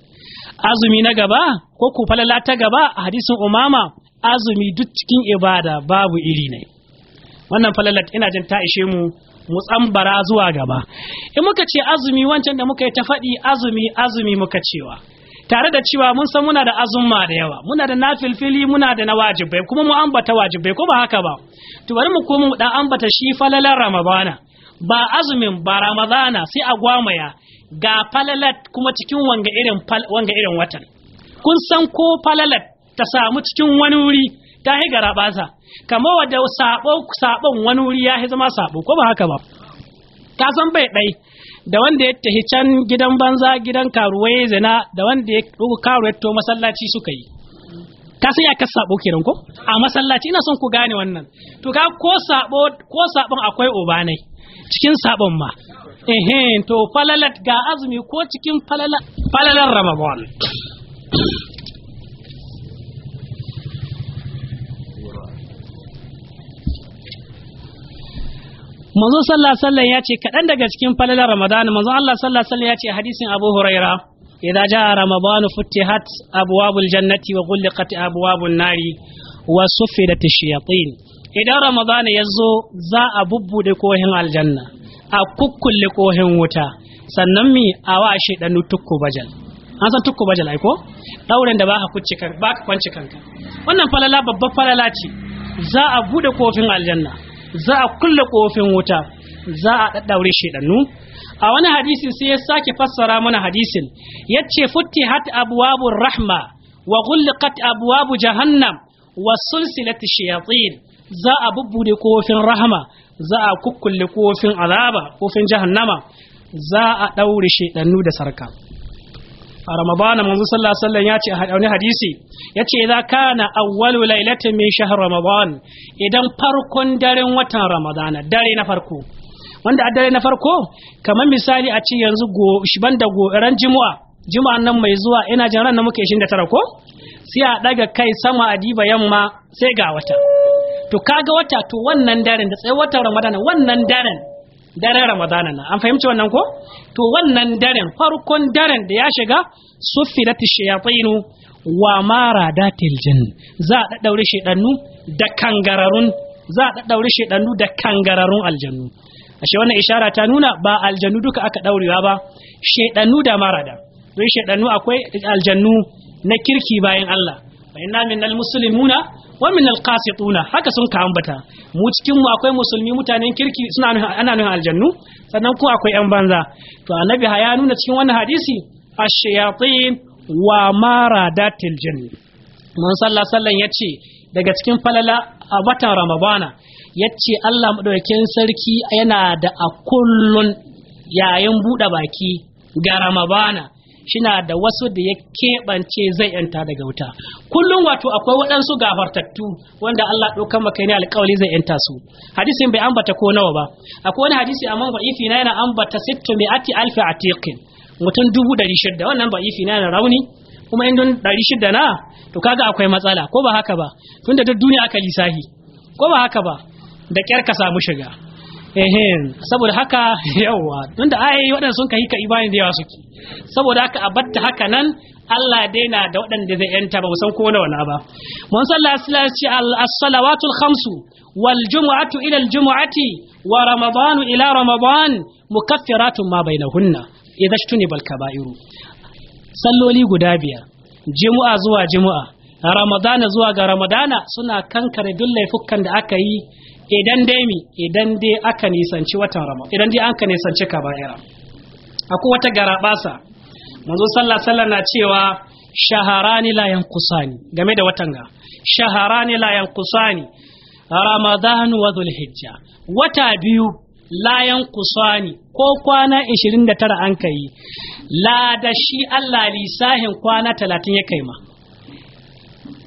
azumi na gaba ko ku falala ta gaba a hadisin umama azumi duk cikin ibada babu iri ne wannan falalat ina jin ta ishe mu mu tsambara zuwa gaba in muka ce azumi wancan da muka yi ta faɗi azumi azumi muka cewa tare da cewa mun san muna da azumma da yawa muna da nafilfili muna da na wajibai kuma mu ambata wajibai ko ba haka ba to bari mu koma mu ɗan ambata shi falalar ramadana ba azumin ba ramadana sai a gwamaya ga falalat kuma cikin wanga irin wanga irin watan kun san ko falalat ta samu cikin wani wuri ta yi garaba sa kama wadda sabon wani wuri ya yi zama sabo ko ba haka ba ka san bai ɗai da wanda ya tafi can gidan banza gidan karuwai zina da wanda ya karuwa to masallaci suka yi ka san ya ka sabo kiran ko a masallaci ina son ku gane wannan to ka ko sabo ko sabon akwai obanai cikin sabon ma eh to falalat ga azumi ko cikin falalar ramadan manzo sallallahu alaihi wasallam ya ce kadan daga cikin falalar ramadan manzo Allah sallallahu alaihi wasallam ya ce hadisin abu huraira idza jaa ramadan futihat abwabul jannati wa ghulqat abwabun nari wa sufidat ash-shayatin idan ramadan ya zo za a bubbude kohin aljanna a kukkulle kohin wuta sannan mi a wa shaydanu tukku bajal an san tukku bajal ai ko dauren da ba ka kucce kan ba ka kwanci kanka wannan falala babbar falala ce za a bude kofin aljanna za a kulle kofin wuta za a daddaure shedannu a wani hadisin sai ya sake fassara mana hadisin yace futtihat abwabur rahma wa ghulqat abwabu jahannam wa sulsilat shayatin za a bubbude kofin rahma za a kukkulle kofin azaba kofin jahannama za a daure shedannu da sarka a ramadana manzo sallallahu alaihi wasallam ya ce a wani hadisi ya ce idza kana awwalu lailatin min shahr ramadan idan farkon daren watan ramadana dare na farko wanda a dare na farko kamar misali a ce yanzu go shiban da ran jimu'a juma'an nan mai zuwa ina jin ran nan muke 29 ko sai a daga kai sama a diba yamma sai ga wata to kaga wata to wannan daren da tsaye watan ramadana wannan daren daren ramadana na an fahimci wannan ko to wannan daren farkon daren da ya shiga sufilat shayatinu wa datil jin za a daddaure shedannu da kangararun za a daddaure shedannu da kangararun aljannu ashe wannan ishara ta nuna ba aljannu duka aka daurewa ba shedannu da marada don shedannu akwai aljannu na kirki bayan Allah fa inna minal muslimuna wa minal qasituna haka sun ka ambata mu cikin mu akwai musulmi mutanen kirki suna ana nuna aljannu sannan ko akwai yan banza to annabi ya nuna cikin wannan hadisi ash-shayatin wa maradatil jinn man sallallahu sallan yace daga cikin falala a watan ramadana yace Allah madaukakin sarki yana da akullun yayin buɗe baki ga ramadana shina da wasu da ya keɓance zai yanta daga wuta kullum wato akwai waɗansu gafartattu wanda Allah ɗaukar makaini ne alƙawali zai yanta su hadisin bai ambata ko nawa ba akwai wani hadisi a amma ba'ifi na yana ambata sittu ati alfi tekin mutum dubu ɗari shidda wannan ba'ifi na yana rauni kuma in ɗari shidda na to kaga akwai matsala ko ba haka ba tunda duk duniya aka lissafi? ko ba haka ba da ƙyar ka samu shiga ehem saboda haka <laughs> yawa tunda ayi waɗanda sun kai ka imani da yawa suke saboda haka a batta haka nan Allah daina da waɗanda zai yanta ba san ko nawa ba mun sallah al ce as al khamsu wal jumu'atu ila al jumu'ati wa ramadan ila ramadan mukaffiratun ma bainahunna idza shtunibal kaba'iru salloli guda biyar jumu'a zuwa jumu'a ramadana zuwa ga ramadana suna kankare duk laifukan da aka yi idan dai mi idan dai aka nisanci watan ramadan idan dai aka nisanci kaba'ira akwai wata garabasa manzo sallah sallah na cewa shaharani la yanqusani game da watan ga shaharani la yanqusani ramadan wa dhulhijja wata biyu layan kusani, ko kwana 29 an kai la da shi Allah lisahin kwana 30 ya kai ma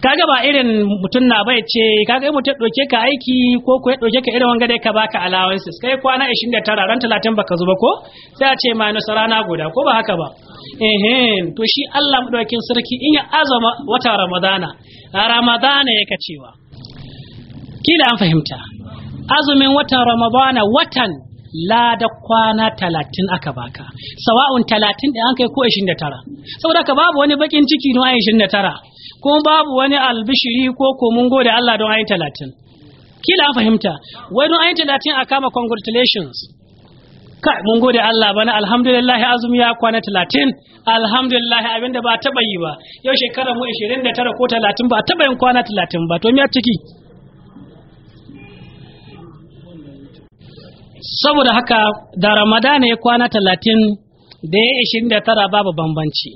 kaga ba irin mutum na bai ce kaga mutum ɗauke ka aiki ko ko ya ɗauke ka irin wanga dai ka baka allowances kai kwana 29 ran 30 baka zuba ko sai a ce minus na guda ko ba haka ba eh to shi Allah madaukin sarki in ya azama wata ramadana ramadana ka cewa kila an fahimta azumin watan ramadana watan lada kwana talatin aka baka sawa'un talatin din an kai ko ashirin da tara saboda ka babu wani bakin ciki na ashirin da tara ko babu wani albishiri ko ko mun gode Allah don ayin talatin kila an fahimta wai don ayin talatin a kama congratulations ka mun gode Allah bana alhamdulillah azumi ya kwana talatin alhamdulillah abinda ba taba yi ba yau shekarar mu da tara ko talatin ba taba yin kwana talatin ba to ya ciki saboda haka da ramadana ya kwana talatin da ya ishirin da tara babu bambanci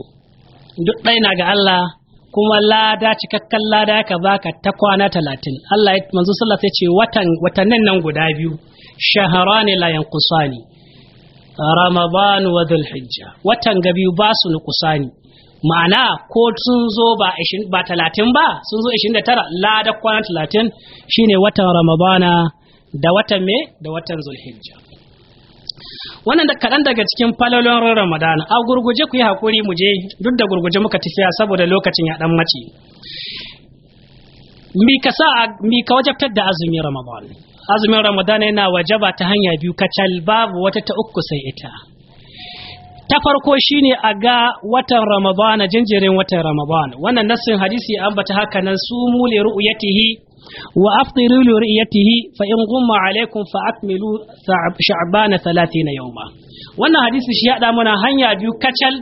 duk ɗaya na ga Allah kuma lada cikakken lada ya ka baka ta kwana talatin Allah ya manzo sallah sai ce watan watannin nan guda biyu shaharani la yanqusani ramadan wa dhulhijja watan ga biyu ba su ne, ma'ana ko sun zo ba ba talatin ba sun zo 29 lada kwana talatin shine watan ramadana da watan me da watan zulhijja wannan da kaɗan daga cikin falalon ramadan a gurguje ku yi hakuri mu je duk da gurguje muka tafiya saboda lokacin ya dan mace mi sa mi wajabtar da azumin ramadan azumin ramadan yana wajaba ta hanya biyu kacal babu wata ta uku sai ita ta farko shine a ga watan ramadana jinjirin watan ramadana wannan nassin hadisi an bata haka nan su mule ru'yatihi wa aftiru li ru'yatihi fa in gumma alaikum fa akmilu na 30 yawma wannan hadisi shi ya da mana hanya biyu kacal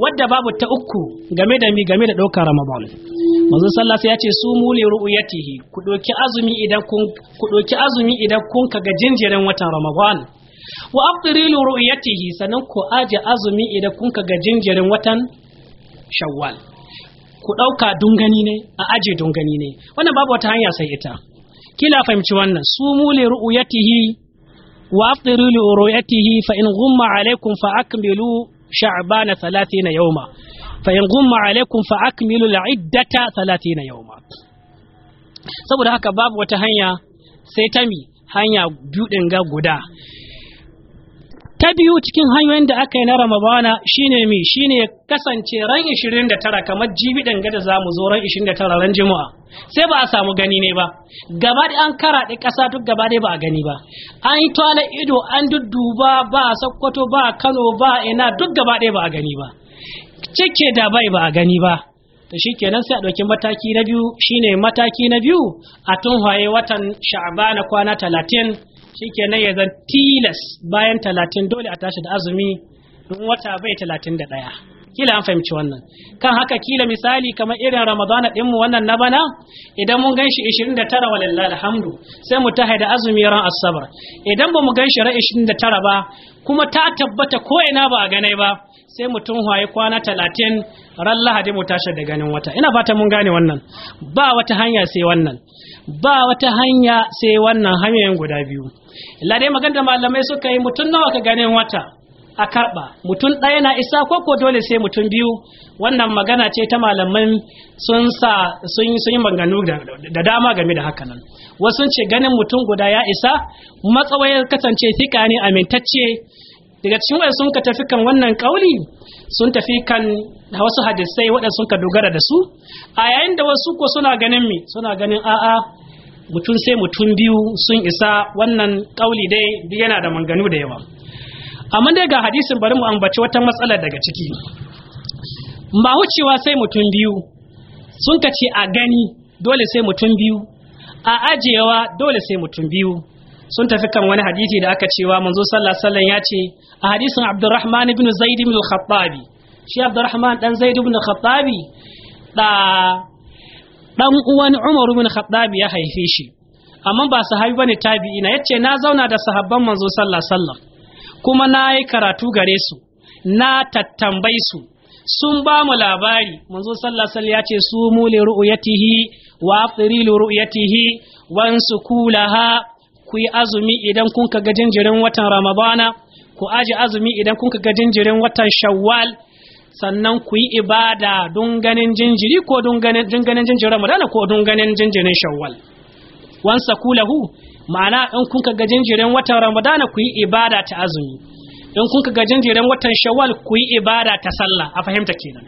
wadda babu ta uku game da mi game da ɗaukar ramadan manzo sallah sai ya ce su mu li ru'yatihi ku azumi idan kun ku doki azumi idan kun kaga jinjirin watan ramadan wa afdirilu ru'yatihi sanan ku ajiye azumi idan kun kaga jinjirin watan shawwal ku ɗauka dungani ne a aje dungani ne wannan babu wata hanya sai ita kila fahimci wannan su mule ru'yatihi wa afdiru li ru'yatihi fa in ghumma alaikum fa akmilu sha'bana 30 yawma fa in ghumma alaikum fa akmilu al'iddata 30 yawma saboda haka babu wata hanya sai ta mi hanya biyu ga guda ta biyu cikin hanyoyin da aka yi na ramadana shine mi shine kasance ran 29 kamar jibi gada za mu zo ran 29 ran juma'a sai ba a samu gani ne ba gaba da an da ƙasa duk gaba da ba a gani ba an yi tola ido an dudduba ba sakkwato ba kano ba ina duk gaba ɗaya ba a gani ba cike da bai ba a gani ba to kenan sai a ɗauki mataki na biyu shine mataki na biyu a tunhaye watan Shaban kwana talatin shikenan ya zan tilas bayan talatin dole a tashi da azumi wata bai talatin da ɗaya kila an fahimci wannan kan haka kila misali kamar irin ramadana din mu wannan na bana idan mun ganshi 29 walillahi alhamdu sai mu tahi da azumi ran asabar idan ba mu ganshi ran 29 ba kuma ta tabbata ko ina ba a ganai ba sai mutum waye kwana 30 ran lahadi mu tashi da ganin wata ina fata mun gane wannan ba wata hanya sai wannan ba wata hanya sai wannan hanyoyin guda biyu illa dai maganda malamai suka yi mutum nawa ka ganin wata a karɓa mutum ɗaya na isa ko ko dole sai mutum biyu wannan magana ce ta malaman sun sa sun yi maganganu da dama game da haka nan wasu ce ganin mutum guda ya isa matsawai kasance fika ne amintacce daga cikin wasu sun ka tafi kan wannan kauli sun tafi kan wasu hadisai waɗanda sun ka dogara da su a yayin da wasu ko suna ganin mi suna ganin a'a mutum sai mutum biyu sun isa wannan kauli dai yana da manganu da yawa amma dai ga hadisin bari mu ambaci wata matsala daga ciki ba wucewa sai mutum biyu sun ka ce a gani dole sai mutum biyu a ajiyewa dole sai mutum biyu sun tafi kan wani hadisi da aka cewa manzo sallallahu alaihi ya ce a hadisin abdurrahman ibn zaid ibn khattabi shi abdurrahman dan zaid ibn khattabi da dan uwan umar ibn khattabi ya haife shi amma ba sahabi bane tabi'ina yace na zauna da sahabban manzo sallallahu alaihi wasallam kuma na yi karatu gare su na tattambai su sun ba mu labari manzo sallallahu alaihi ya ce su mu li wa ru'u ya tihi. wansu kulaha ku yi azumi idan kun ga jinjirin watan ramadana ku aji azumi idan kun ga jinjirin watan shawwal sannan ku yi ibada don ganin jinjiri ko don jinjirin ramadana ko don jinjirin shawwal wansa kulahu ma'ana in kun ga jinjirin watan ramadana ku yi ibada ta azumi in kun ga jinjirin watan shawwal ku yi ibada ta sallah a fahimta kenan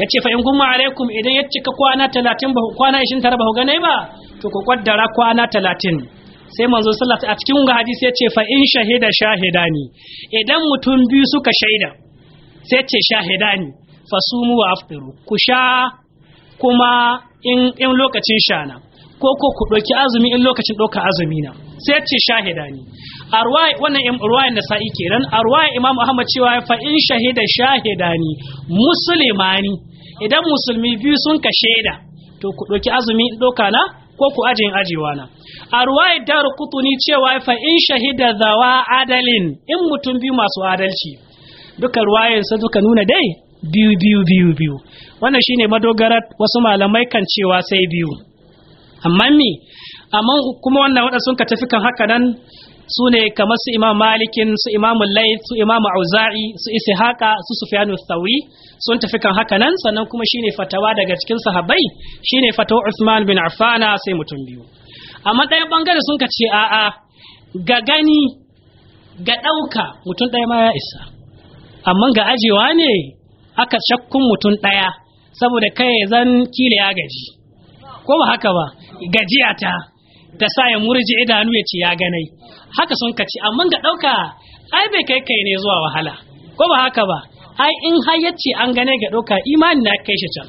ya ce fa in kuma alaikum idan ya cika kwana talatin ba kwana ishirin tara ba ganai ba to ku kwaddara kwana talatin sai manzo sallah a cikin wanga hadisi ya ce fa in shahida shahidani idan mutum biyu suka shaida sai ce shahidani fasumu wa aftiru ku sha kuma in lokacin shana ko ko ku ɗauki azumi in lokacin ɗauka azumi na sai ce shahida ne arwaya wannan ruwayan da sa'i ke ran arwaya imam ahmad cewa fa in shahida shahida ne musulmani idan musulmi biyu sun ka shaida to ku ɗauki azumi in ɗauka na ko ku ajin ajewa na a dar kutuni cewa fa in shahida zawa adalin in mutum biyu masu adalci duka ruwayen sa duka nuna dai biyu biyu biyu biyu wannan shine madogarar wasu malamai kan cewa sai biyu amma me amma kuma wannan waɗanda sun ka tafi kan haka nan su ne kamar su imam malikin su imam lai su imam auza'i su ishaqa su sufyanu thawi sun tafi kan haka nan sannan kuma shine fatawa daga cikin sahabbai shine fatawa usman bin affana sai mutum biyu amma ɗaya bangare sun ka ce a'a ga gani ga ɗauka mutum ɗaya ma ya isa amma ga ajewa ne aka shakkun mutum ɗaya saboda kai zan kila ya gaji ko ba haka ba gajiya ta sa ya murji idanu ya ce ya ganai haka sun kaci amma ga ɗauka ai bai kai kai ne zuwa wahala ko ba haka ba ai in har yace an gane ga ɗauka imani na kai shi can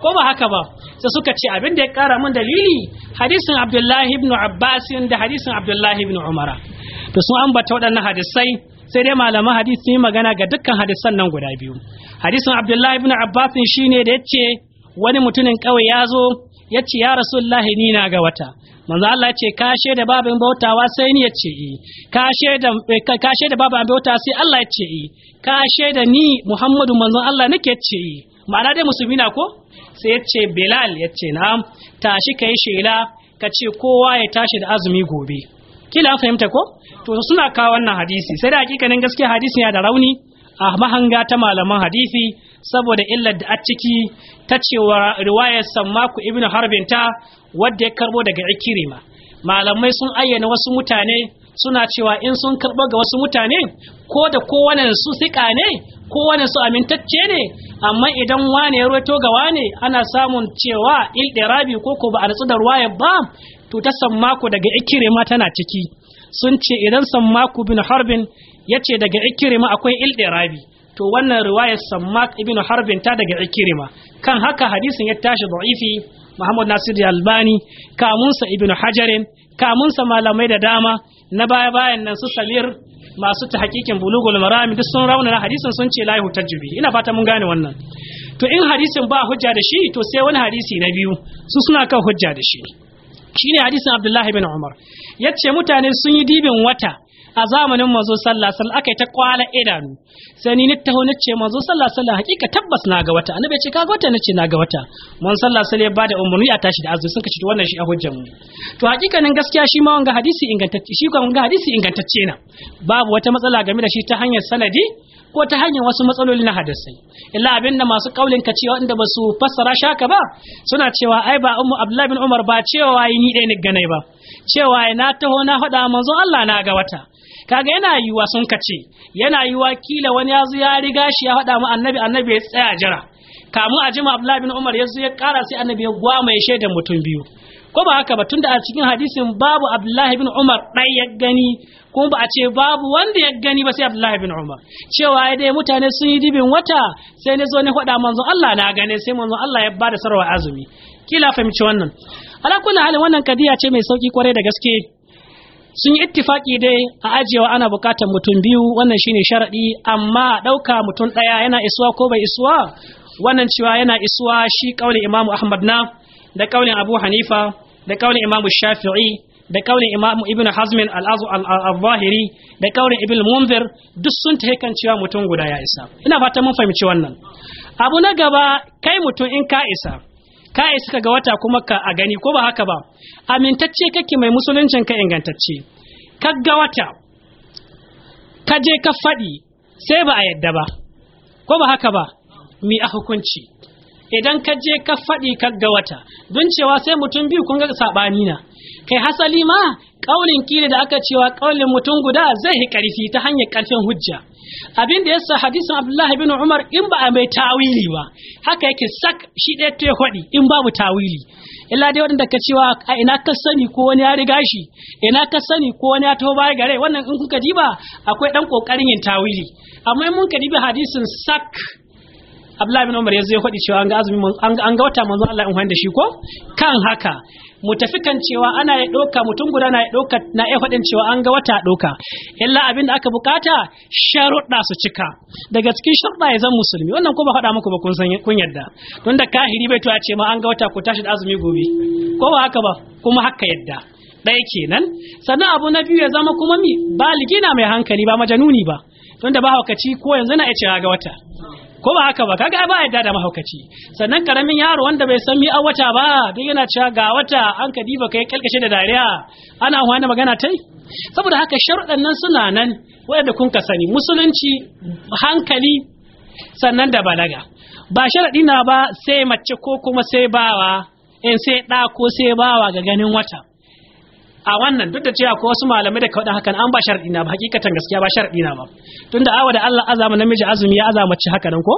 ko ba haka ba sai suka ce abin da ya kara min dalili hadisin abdullahi ibn abbas da hadisin abdullahi ibn Umar? to sun ambata waɗannan hadisai sai dai malaman hadisi sun yi magana ga dukkan hadisan nan guda biyu hadisin abdullahi ibn abbas shine da yace wani mutumin kawai ya zo ya ce ya rasulullahi ni na ga wata manzo Allah ya ce ka shaida babin bautawa sai ni ya ce i eh, ka shaida babin bautawa sai Allah ya ce i ka shaida ni Muhammadu manzo Allah nake ce i ma'ana dai musulmi na ko sai ya ce Bilal ya ce na'am tashi kai shela ka ce kowa ya tashi da azumi gobe kila an fahimta ko to suna kawo wannan hadisi sai da hakikanin gaskiya hadisi ya da rauni a mahanga ta malaman hadisi saboda illar da a ciki ta cewa riwayar sammaku ibnu harbin ta wadda ya karbo daga ikirima malamai sun ayyana wasu mutane suna cewa in sun karbo ga wasu mutane ko da kowane su siƙa ne kowane su amintacce ne amma idan wane ya roto ga wane ana samun cewa ilɗirabi ko ko ba a natsu da ruwaya ba to ta sammaku daga ikirima tana ciki sun ce idan sammaku bin harbin ya ce daga ikirima akwai rabi. to wannan riwayar sammak ibn harbin ta daga ikirima kan haka hadisin ya tashi da'ifi muhammad nasir albani kamunsa ibn hajarin kamunsa malamai da dama na baya bayan nan su salir masu ta hakikin bulugul marami duk sun raunana hadisin sun ce lahi tajjubi ina fata mun gane wannan to in hadisin ba hujja da shi to sai wani hadisi na biyu su suna kan hujja da shi shine hadisin abdullahi bin umar yace mutane sun yi dibin wata a zamanin mazo sallallahu alaihi aka yi ta kwala idanu sai ni taho na ce mazo sallallahu alaihi hakika tabbas na ga wata annabi ce kaga wata na ce na ga wata manzo sallallahu alaihi ya bada umarni a tashi da azumi sun kace wannan shi a hujjan mu to hakikanin gaskiya shi ma wanga hadisi ingantacce shi kuma wanga hadisi ingantacce na babu wata matsala game da shi ta hanyar sanadi ko ta hanyar wasu matsaloli na hadisai illa abin da masu kaulin ka cewa inda ba su fassara shaka ba suna cewa ai ba ummu abdullahi bin umar ba cewa yi ni dai ni ganai ba cewa na taho na hada manzo Allah na ga wata kaga yana yiwa sun kace yana yiwuwa kila wani ya zo ya riga shi ya faɗa mu annabi annabi ya tsaya jira kamun a jima abdullahi bin umar ya zo ya ƙara sai annabi ya mai shaida mutum biyu ko ba haka ba tunda a cikin hadisin babu Abdullahi bin Umar ɗai ya gani kuma ba a ce babu wanda ya gani ba sai Abdullahi bin Umar cewa ya dai mutane sun yi dibin wata sai ne zo ne faɗa manzon Allah na gane sai manzon Allah ya bada sarwa azumi kila fahimci wannan ala kulli halin wannan kadiya ce mai sauki kwarai da gaske sun yi ittifaki dai a ajiyewa ana bukatar mutum biyu wannan shine sharadi amma ɗauka mutum ɗaya yana isuwa ko bai isuwa wannan cewa yana isuwa shi kaulin imamu ahmad na da kaulin abu hanifa da kaulin imamu shafi'i da kaulin imamu ibn hazmin al-zahiri da kaulin ibn munzir duk sun ta kan cewa mutum guda ya isa ina fatan mun fahimci wannan abu na gaba kai mutum in ka isa ka isa ga wata kuma ka a gani ko ba haka ba amintacce kake mai musuluncin ka ingantacce ka ga wata ka je ka faɗi sai ba a yadda ba ko ba haka ba mi a hukunci idan ka je ka faɗi ka ga wata don cewa sai mutum biyu kun ga saɓani na kai hasali ma ƙaulin kila da aka cewa ƙaulin mutum guda zai yi ƙarfi ta hanyar ƙarfin hujja abin da ya sa hadisin abdullahi bin umar in ba a mai tawili ba haka yake sak shi ɗaya ta faɗi in babu tawili illa dai waɗanda ka cewa a ina ka sani ko wani ya riga shi ina ka sani ko wani ya taho baya gare wannan in kuka diba akwai ɗan ƙoƙarin yin tawili amma in mun ka dibi hadisin sak Abdullahi bin Umar yazo ya faɗi cewa an ga azumi an ga wata manzo Allah in da shi ko kan haka mu tafi kan cewa ana ya ɗauka mutum guda na ya ɗauka na ya faɗin cewa an ga wata dauka illa abin da aka bukata sharuɗa su cika daga cikin sharuɗa ya zan musulmi wannan ko ba faɗa muku ba kun san kun yadda don da kahiri bai tuwa ce ma an ga wata ko tashi da azumi gobe ko ba haka ba kuma haka yadda ɗaya kenan sannan abu na biyu ya zama kuma mi ba mai hankali ba majanuni ba Don da ba haukaci ko yanzu na ya ce ga wata ko ba haka ba kaga ba yadda da mahaukaci sannan karamin yaro wanda bai san mi a wata ba duk yana cewa ga wata an ka diba kai kalkashe da dariya ana wani magana tai saboda haka sharuɗan nan suna nan wanda kun ka sani musulunci hankali sannan da balaga ba sharaɗi na ba sai mace ko kuma sai bawa in sai ɗa ko sai bawa ga ganin wata a wannan duk da cewa ko wasu malamai da kawai hakan an ba sharadi na ba hakikatan gaskiya ba sharadi na ba tunda awa da Allah azama namiji azumi ya azama ci haka nan ko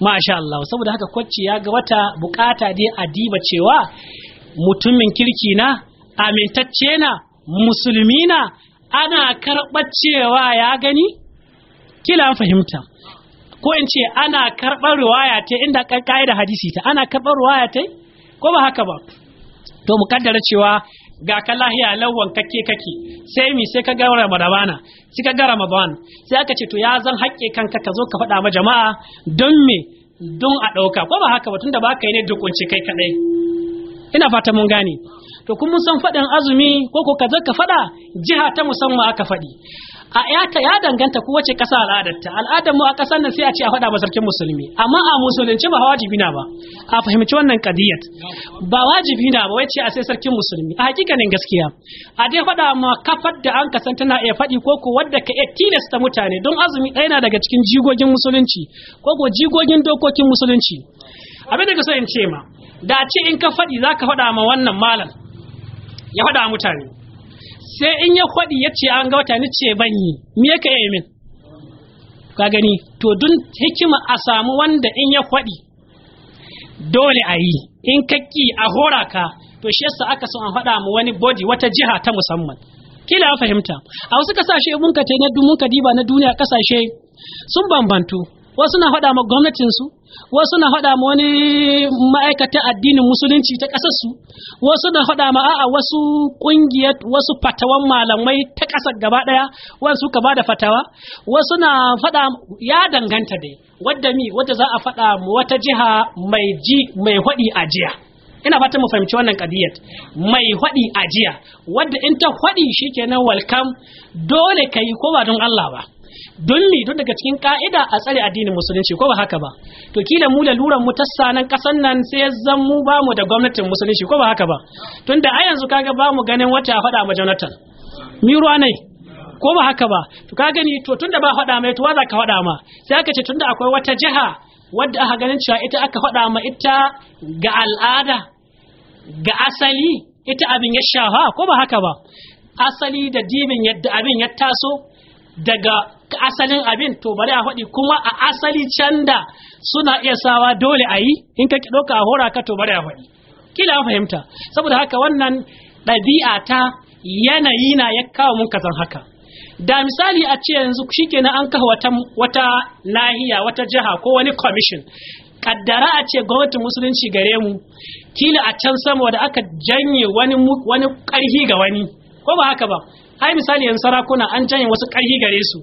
masha Allah saboda haka kwacci ya ga wata bukata dai a diba cewa mutumin kirki na amintacce na musulmi na ana karɓar cewa ya gani kila fahimta ko in ce ana karɓar ruwaya ta inda da hadisi ta ana karɓar ruwaya ta ko ba haka ba to mu kaddara cewa ga ka lahiya lawan kake kake sai mi sai ka gara ramadana sai ka ga ramadan sai aka ce to ya zan haƙe kanka ka zo ka faɗa ma jama'a don me don a ɗauka ko ba haka ba tunda ba ka yi ne dukunci kai kaɗai ina fata mun gane to kun mun san faɗin azumi ko ko ka zo ka faɗa jiha ta musamman aka faɗi a yata ya danganta ko wace ƙasa al'adarta al'adar mu a kasar nan sai a ce a faɗa ba sarkin musulmi amma a musulunci ba wajibi na ba a fahimci wannan kadiyat ba wajibi na ba ce a sai sarkin musulmi a ne gaskiya a dai faɗa ma kafar da an kasan tana iya faɗi ko ko wadda ka iya tilasta mutane don azumi ɗaya na daga cikin jigogin musulunci ko ko jigogin dokokin musulunci abin da ka so in ce ma da ce in ka faɗi za ka faɗa ma wannan malam ya faɗa mutane sai in ya kwaɗi ya ce an ga wata ni ce ban yi me ya yi min ka gani to dun hikima a samu wanda in ya kwaɗi dole a yi in kakki a hora ka to shi yasa aka so an faɗa mu wani body wata jiha ta musamman kila an fahimta a wasu kasashe mun ka na mun ka diba na duniya kasashe sun bambantu wasu na faɗa ma su wasu na faɗa ma wani ma'aikatan addinin musulunci ta ƙasar su wasu na faɗa ma a'a wasu ƙungiyar wasu fatawan malamai ta ƙasar gaba ɗaya suka ka da fatawa wasu na faɗa ya danganta dai wadda mi wadda za a faɗa wata jiha mai ji mai haɗi a jiya ina fatan mu fahimci wannan kadiyar mai haɗi a jiya wadda in ta haɗi shikenan welcome dole kai ko ba don Allah ba don mi don daga cikin ka'ida a tsare addinin musulunci ko ba haka ba to kila mu lura mu tassa nan kasan nan sai zan mu ba mu da gwamnatin musulunci ko ba haka ba tunda a yanzu kaga ba mu ganin wata faɗa ma Jonathan mi ruwa ne ko ba haka ba to ka gani to tunda ba faɗa mai to za ka faɗa ma sai aka ce tunda akwai wata jiha wadda aka ganin cewa ita aka faɗa ma ita ga al'ada ga asali ita abin ya shafa ko ba haka ba asali da dibin yadda abin ya taso daga asalin abin to bari a faɗi kuma a asali can da suna iya sawa dole a yi in ka ɗauka a hora ka to bari a faɗi kila fahimta saboda haka wannan ɗabi'a ta yanayi na ya kawo mun kazan haka da misali a ce yanzu shikenan an kawo wata wata nahiya wata jiha ko wani commission kaddara a ce gwamnatin musulunci gare mu kila a can sama da aka janye wani wani karfi ga wani ko ba haka ba ai misali yan sarakuna an janye wasu ƙarfi gare su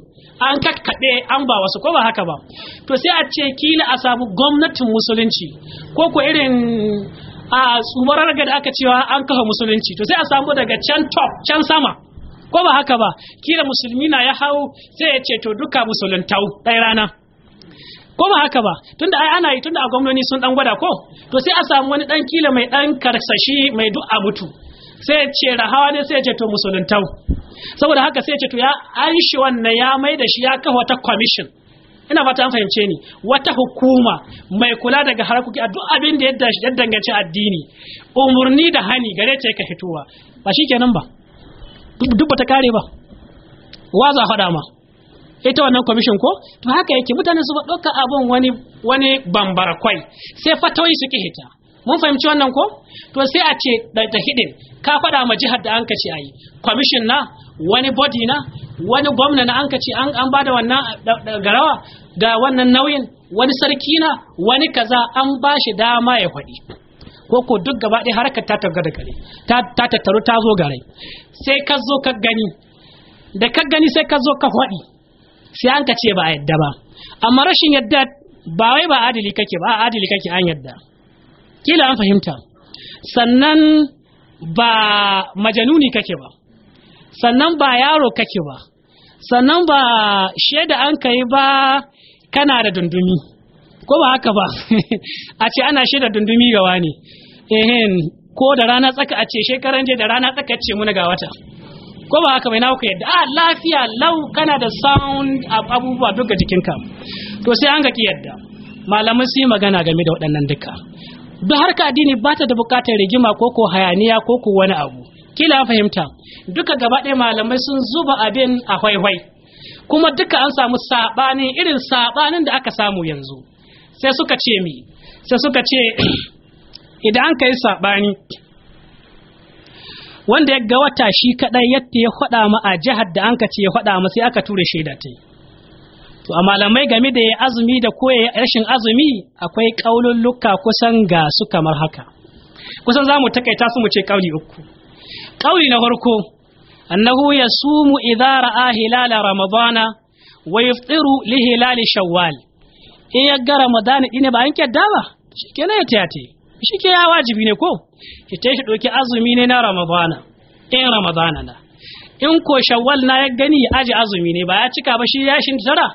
an kakkaɗe an ba wasu ko ba haka ba to sai a ce kila a samu gwamnatin musulunci ko ko irin a tsumarar da aka cewa an kafa musulunci to sai a samu daga can top can sama ko ba haka ba kila musulmi na ya hau sai ya ce to duka musuluntau ɗaya rana ko ba haka ba tunda ai ana yi tunda a gwamnoni sun dan gwada ko to sai a samu wani dan kila mai dan karsashi mai duk mutu. sai ce rahawa ne sai ce to musuluntau saboda haka sai ce to ya an shi wannan ya mai da shi ya kafa wata commission ina fata an fahimce ni wata hukuma mai kula daga harkoki a duk abin da ya danganci addini umurni da hani gare ta ka hituwa ba shi kenan ba duk ba ta kare ba wa za faɗa ma ita wannan kwamishin ko to haka yake mutane su ba ɗauka abin wani wani bambara kwai sai fatawi suke hita mun fahimci wannan ko to sai a ce da hidin ka fada ma jihar da an kace ce a yi kwamishin na wani body na wani gwamna na an kace ce an ba da wannan garawa ga wannan nauyin wani sarki na wani kaza an ba shi dama ya faɗi ko ko duk gaba ɗaya harkar ta targa da gare ta tattaru ta zo gare sai ka zo ka gani da ka gani sai ka zo ka faɗi sai an kace ce ba a yadda ba amma rashin yadda ba wai ba adali kake ba adali kake an yadda kila an fahimta sannan ba majanuni kake ba sannan ba yaro kake ba sannan ba shaida an kai ba kana da dundumi ko ba haka ba <laughs> a ce ana shaida dundumi ga wani ehen ko da rana tsaka a ce shekaran je da rana tsaka ce muna ga wata ko ba haka bai na ku yadda a ah, lafiya lau kana da sound abubuwa duk ga jikinka to sai an ga ki yadda malamai su yi magana game da waɗannan duka don harka addini ba ta da bukatar rigima ko ko hayaniya ko ko wani abu kila fahimta duka gaba ɗaya malamai sun zuba abin a hwaihwai kuma duka an samu saɓani irin saɓanin da aka samu yanzu sai suka ce mi sai suka ce <clears throat> idan an kai saɓani wanda ya ga wata shi kaɗai yadda ya faɗa ma a jihar da an ka ce ya faɗa ma sai aka ture shaida ta yi to a malamai game da ya azumi da koya rashin azumi akwai kaululluka kusan ga su kamar haka kusan za mu takaita su mu ce kauli uku kauli na farko annahu yasumu idza ra'a hilala ramadana wa tsiru li hilali shawwal in ya ga ramadana dine ba an kyadda ba na ya shi ke ya wajibi ne ko ki ta shi ɗoki azumi ne na ramadana in ramadana na in ko shawwal na ya gani ya aji azumi ne ba ya cika ba shi ya shi tara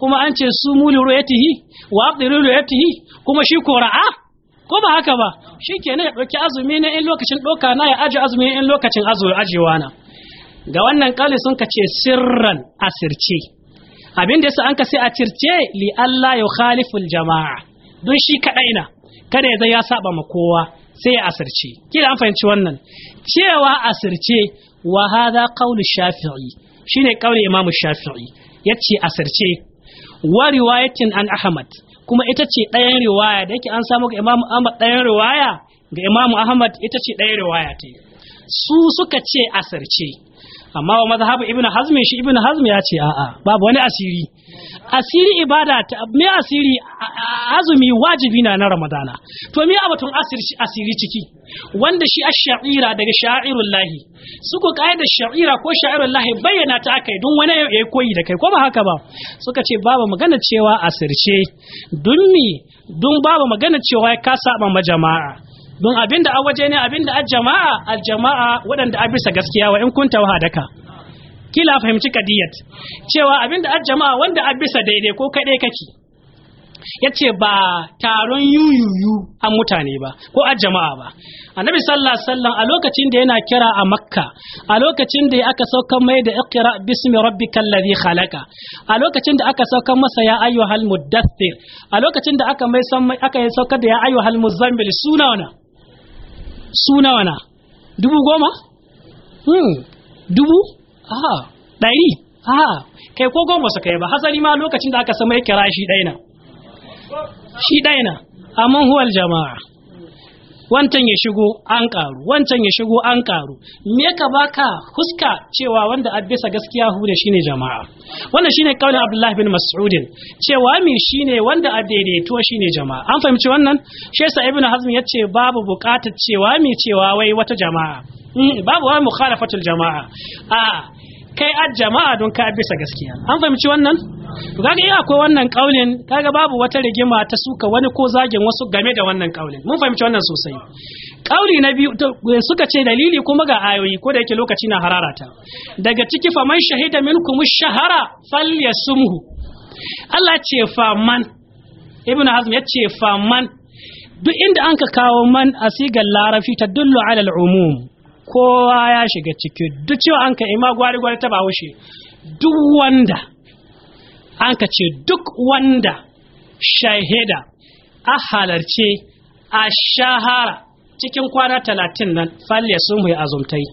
kuma an ce su muli ru'yatihi wa aqdiru ru'yatihi kuma shi ko ra'a ko ba haka ba shikenan ya dauki azumi ne in lokacin doka na ya aje azumi in lokacin azumi ajewa na ga wannan kali sun ka ce sirran asirce abin da yasa an ka sai a circe li Allah ya khaliful jama'a don shi kadai na kada ya zai ya saba ma kowa sai ya asirce kila an fahimci wannan cewa asirce wa hadha qawlu shafi'i shine kauli imamu shafi'i yace asirce wa riwayatin an ahmad kuma ita ce ɗayan riwaya da yake an samu ga imamu ahmad ɗayan riwaya ga imamu ahmad ita ce ɗayan riwaya ta su suka ce asarce amma wa mazhabu ibn hazm shi ibn hazm ya ce a'a babu wani asiri asiri ibada ta me asiri azumi wajibi na na ramadana to me abatun asiri asiri ciki wanda shi ash-sha'ira daga sha'irul lahi suka kaida sha'ira ko sha'irul lahi bayyana ta akai don wani yayi koyi da kai ko ba haka ba suka ce babu magana cewa asirce dun mi dun babu magana cewa ka saba majama'a jama'a don abin da a waje ne abin da aljama'a aljama'a waɗanda a bisa gaskiya wa in kunta wahadaka kila fahimci kadiyat cewa abin da aljama'a wanda a bisa daidai ko kaɗai kake yace ba taron yuyuyu a mutane ba ko a jama'a ba annabi sallallahu alaihi wasallam a lokacin da yana kira a makka a lokacin da aka saukan mai da iqra bismi rabbikal ladhi khalaqa a lokacin da aka saukan masa ya ayyuhal muddathir a lokacin da aka mai san aka yi saukar da ya ayyuhal muzammil suna su nawa na dubu goma hmm. dubu aha ɗari aha kai ko goma su kai ba hasali ma lokacin da aka sama ya kira shi ɗaya na shi ɗaya na huwal jama'a wancan ya shigo an ƙaru wancan ya shigo an karu me ka baka huska cewa wanda a bisa gaskiya hude shine jama'a wannan shine kaulin Abdullahi bin Mas'udin cewa mi shine wanda a daidaito shine jama'a an fahimci wannan shi yasa Hazm yace babu buƙatar cewa mi cewa wai wata jama'a mm, babu wani mukhalafatul jama'a a kai a jama'a don ka bisa gaskiya an fahimci wannan to kaga iya akwai wannan kaulin kaga babu wata rigima ta suka wani ko zagin wasu game da wannan kaulin mun fahimci wannan sosai kauli na biyu eh, suka ce dalili kuma ga ayoyi ko da yake lokaci na hararata daga ciki fa faman shahida minkum shahara falyasumhu Allah ce fa man. ibn hazm ya ce fa man duk inda an ka kawo man a larafi ta dullu alal umum kowa ya shiga ciki duk cewa an ka ima gwari gwari ta ba wushe duk wanda an ka ce duk wanda shahida a halarce a shahara cikin kwana talatin nan falle sun mai azumtai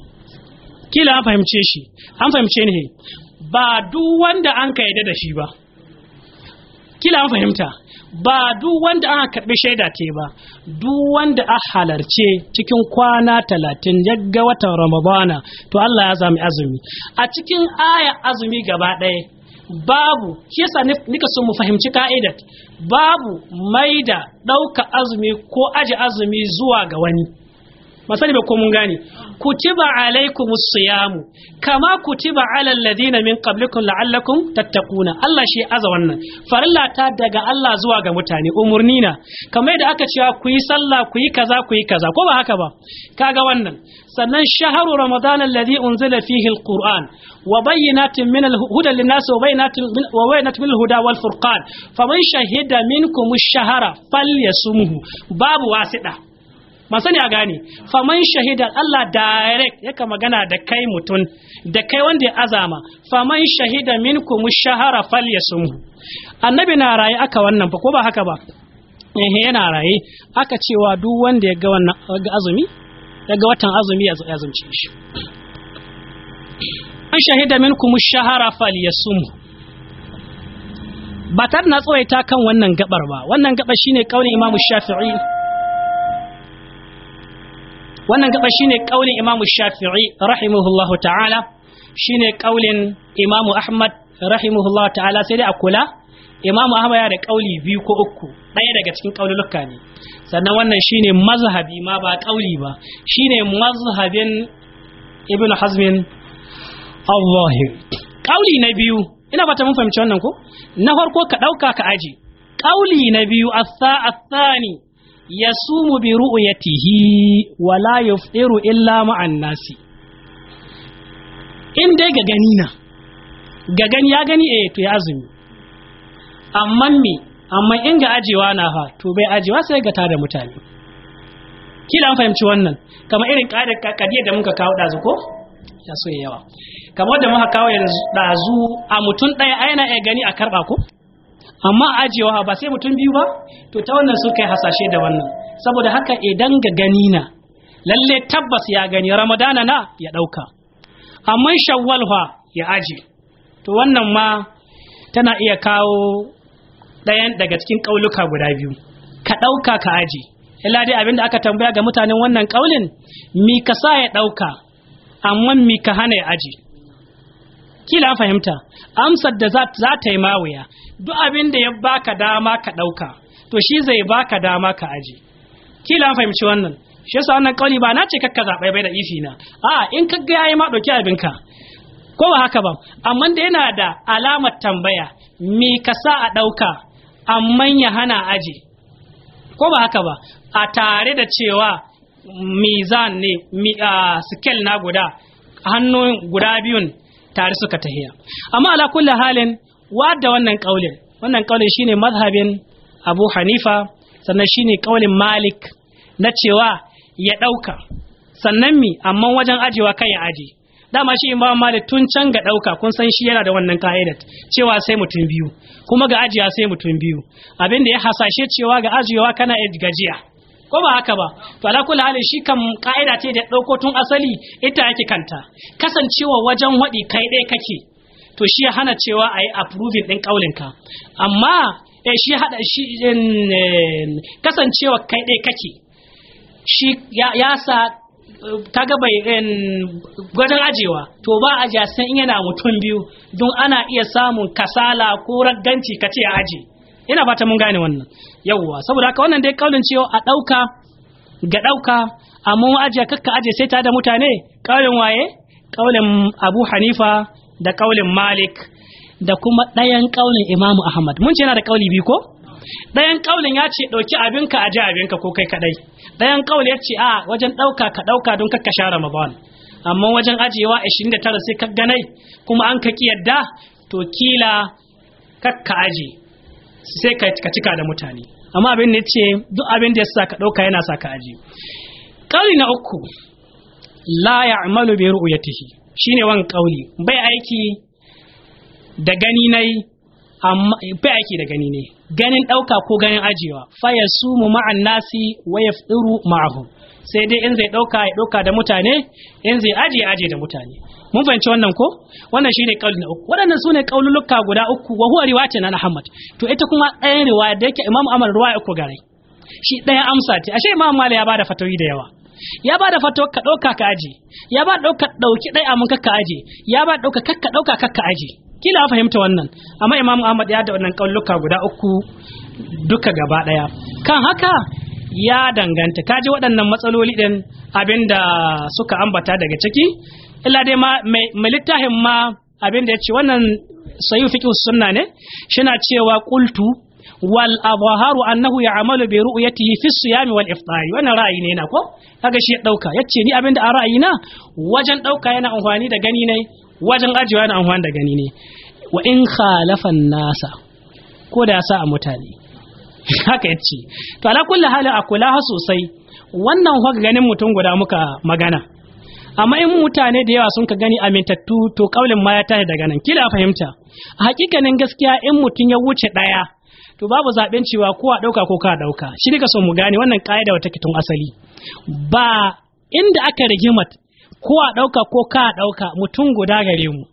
kila an fahimce shi an fahimce ne ba duk wanda an ka yadda da shi ba kila an fahimta ba duk wanda aka karbi shaida ce ba duk wanda a halarce cikin kwana talatin yagga watan ramadana to Allah ya zami azumi a cikin aya azumi gaba ɗaya babu kisa nika so mu fahimci ka'idat babu maida ɗauka azumi ko aji azumi zuwa ga wani masani ba ko mun gane kutiba alaikum siyamu kama kutiba ala ladina min qablikum la'allakum tattaquna Allah shi aza wannan farilla ta daga Allah zuwa ga mutane umurni na kamar da aka cewa ku yi sallah ku yi kaza ku yi kaza ko ba haka ba kaga wannan sannan shaharu ramadan alladhi unzila fihi alquran wa bayyinatin min alhuda linnas wa bayyinatin wa bayyinatin min alhuda wal furqan faman shahida minkum ash-shahara falyasumhu babu wasida masu ne a gane faman shahida Allah direct yaka magana da kai mutum da kai wanda ya azama faman shahida minkum shahara falyasum annabi na raye aka wannan ba ko ba haka ba eh yana raye aka cewa duk wanda ya ga wannan ga azumi daga watan azumi ya azumci shi an shahida minkum shahara falyasum ba tare na tsawaita kan wannan gabar ba wannan gabar shine kaulin imamu shafi'i wannan gaba shine kaulin imamu shafi'i rahimahullahu ta'ala shine kaulin imamu ahmad rahimahullahu ta'ala sai dai a kula imamu ahmad ya da kauli biyu ko uku ɗaya daga cikin kaululuka ne sannan wannan shine mazhabi ma ba kauli ba shine mazhabin ibnu hazmin al kauli na biyu ina ba ta mun fahimci wannan ko na farko ka ɗauka ka aji kauli na biyu as yasumu bi ru'yatihi wa la yufṭiru illa ma'an nasi in dai ga gani na ga gani ya gani eh to ya azumi amma me amma in ga ajewa na fa to bai ajewa sai ga tare mutane kila an fahimci wannan kama irin kadiyar da muka kawo dazu ko ya so yawa kama da muka kawo yanzu dazu a mutum ɗaya aina ya gani a karɓa ko amma ajewa ba sai mutum biyu ba to ta wannan suka yi hasashe da wannan saboda haka idan ga gani na lalle tabbas ya gani ramadana na ya ɗauka amma shawwal fa ya aje to wannan ma tana iya kawo ɗayan daga cikin ƙauluka guda biyu ka ɗauka ka aje illa dai abinda aka tambaya ga mutanen wannan ƙaulin mi ka sa ya ɗauka amma mi ka hana ya aje kila fahimta amsar da za ta yi mawuya duk abin da ya baka dama ka ɗauka to shi zai baka dama ka aji kila fahimci wannan shi yasa wannan kauli ba na ce kakka zaɓai bai da ifi na a in ka ga yayi ma ɗauki abinka ko ba haka ba amma da yana da alamar tambaya me ka sa a ɗauka amma ya hana aji ko ba haka ba a tare da cewa mizan ne mi, scale na guda hannun guda biyun tare suka tahiya amma ala kulli halin wadda wannan kaulin wannan kaulin shine mazhabin Abu Hanifa sannan shine kaulin Malik na cewa ya dauka sannan mi amma wajen ajewa kai ya aje dama shi Imam Malik tun can ga dauka kun san shi yana da wannan ka'idat cewa sai mutum biyu kuma ga ajiya sai mutum biyu abinda ya hasashe cewa ga ajiyewa kana gajiya ko ba haka ba to ala kulli halin shi kan ka'ida ce da dauko tun asali ita yake kanta kasancewa wajen wadi kai dai kake to shi ya hana cewa a yi approving din kaulinka amma eh, shi hada shi eh, kasancewa kai dai kake shi ya sa ta eh, gaba gwadon ajewa to ba a san yana mutum biyu don ana iya samun kasala ko ragganci kace ce aje ina fata mun gane wannan yawwa saboda haka wannan dai kaulin cewa a ɗauka ga ɗauka amma ajiya kakka aje sai ta da mutane kaulin waye kaulin abu hanifa da kaulin malik da kuma ɗayan kaulin imamu ahmad mun ce yana da kauli biyu ko ɗayan kaulin ya ce ɗauki abinka aje abinka ko kai kaɗai ɗayan kaulin ya ce a wajen ɗauka ka ɗauka don kakka share ramadan amma wajen ajiyewa 29 sai ka ganai kuma an ka yadda to kila kakka aje sai ka cika da mutane amma abin da ce duk abin da ya sa ka ɗauka yana sa ka aji ƙauli na uku la ya'malu bi ru'yatihi shine wan ƙauli bai aiki da gani nai amma bai aiki da gani ne ganin ɗauka ko ganin ajiyewa fa yasumu ma'an nasi wa sai dai in zai dauka ya dauka da mutane in zai aje aje da mutane mun fahimci wannan ko wannan shine kauli na uku waɗannan sune kaululuka guda uku wa huwa riwayatun na Ahmad to ita kuma ɗayan riwaya da yake Imam Ahmad riwaya uku gare shi ɗaya amsa ce ashe Imam Malik ya bada fatawi da yawa ya ba da ka ɗauka ka aji ya ba ɗauka ɗauki ɗaya amin kakka aji ya ba ɗauka kakka ɗauka kakka aji kila a fahimta wannan amma imam ahmad ya da wannan kaululuka guda uku duka gaba ɗaya kan haka ya danganta kaji waɗannan matsaloli ɗin abinda suka ambata daga ciki illa dai ma mai littafin ma abinda ya ce wannan sayu fiƙi sunna ne shina cewa kultu. wal abharu annahu ya bi ru'yatihi fi siyami wal iftari wannan ra'ayi ne na ko kaga shi ya dauka yace ni abinda a ra'ayi na wajen ɗauka yana amfani da gani ne wajen ajiyewa yana amfani da gani ne wa in khalafa nasa ko da ya sa a mutane <laughs> haka yace to ala kulli hali a kula ha sosai wannan ga ganin mutum guda muka magana amma in mutane da yawa sun ka gani amintattu to kaulin ma ya tashi daga nan kila fahimta a hakikanin gaskiya in mutum ya wuce daya to babu zaben cewa ko a dauka ko ka dauka shi ne ka so mu gane wannan kaida wata kitun asali ba inda aka rigimat ko a dauka ko ka dauka mutum guda gare mu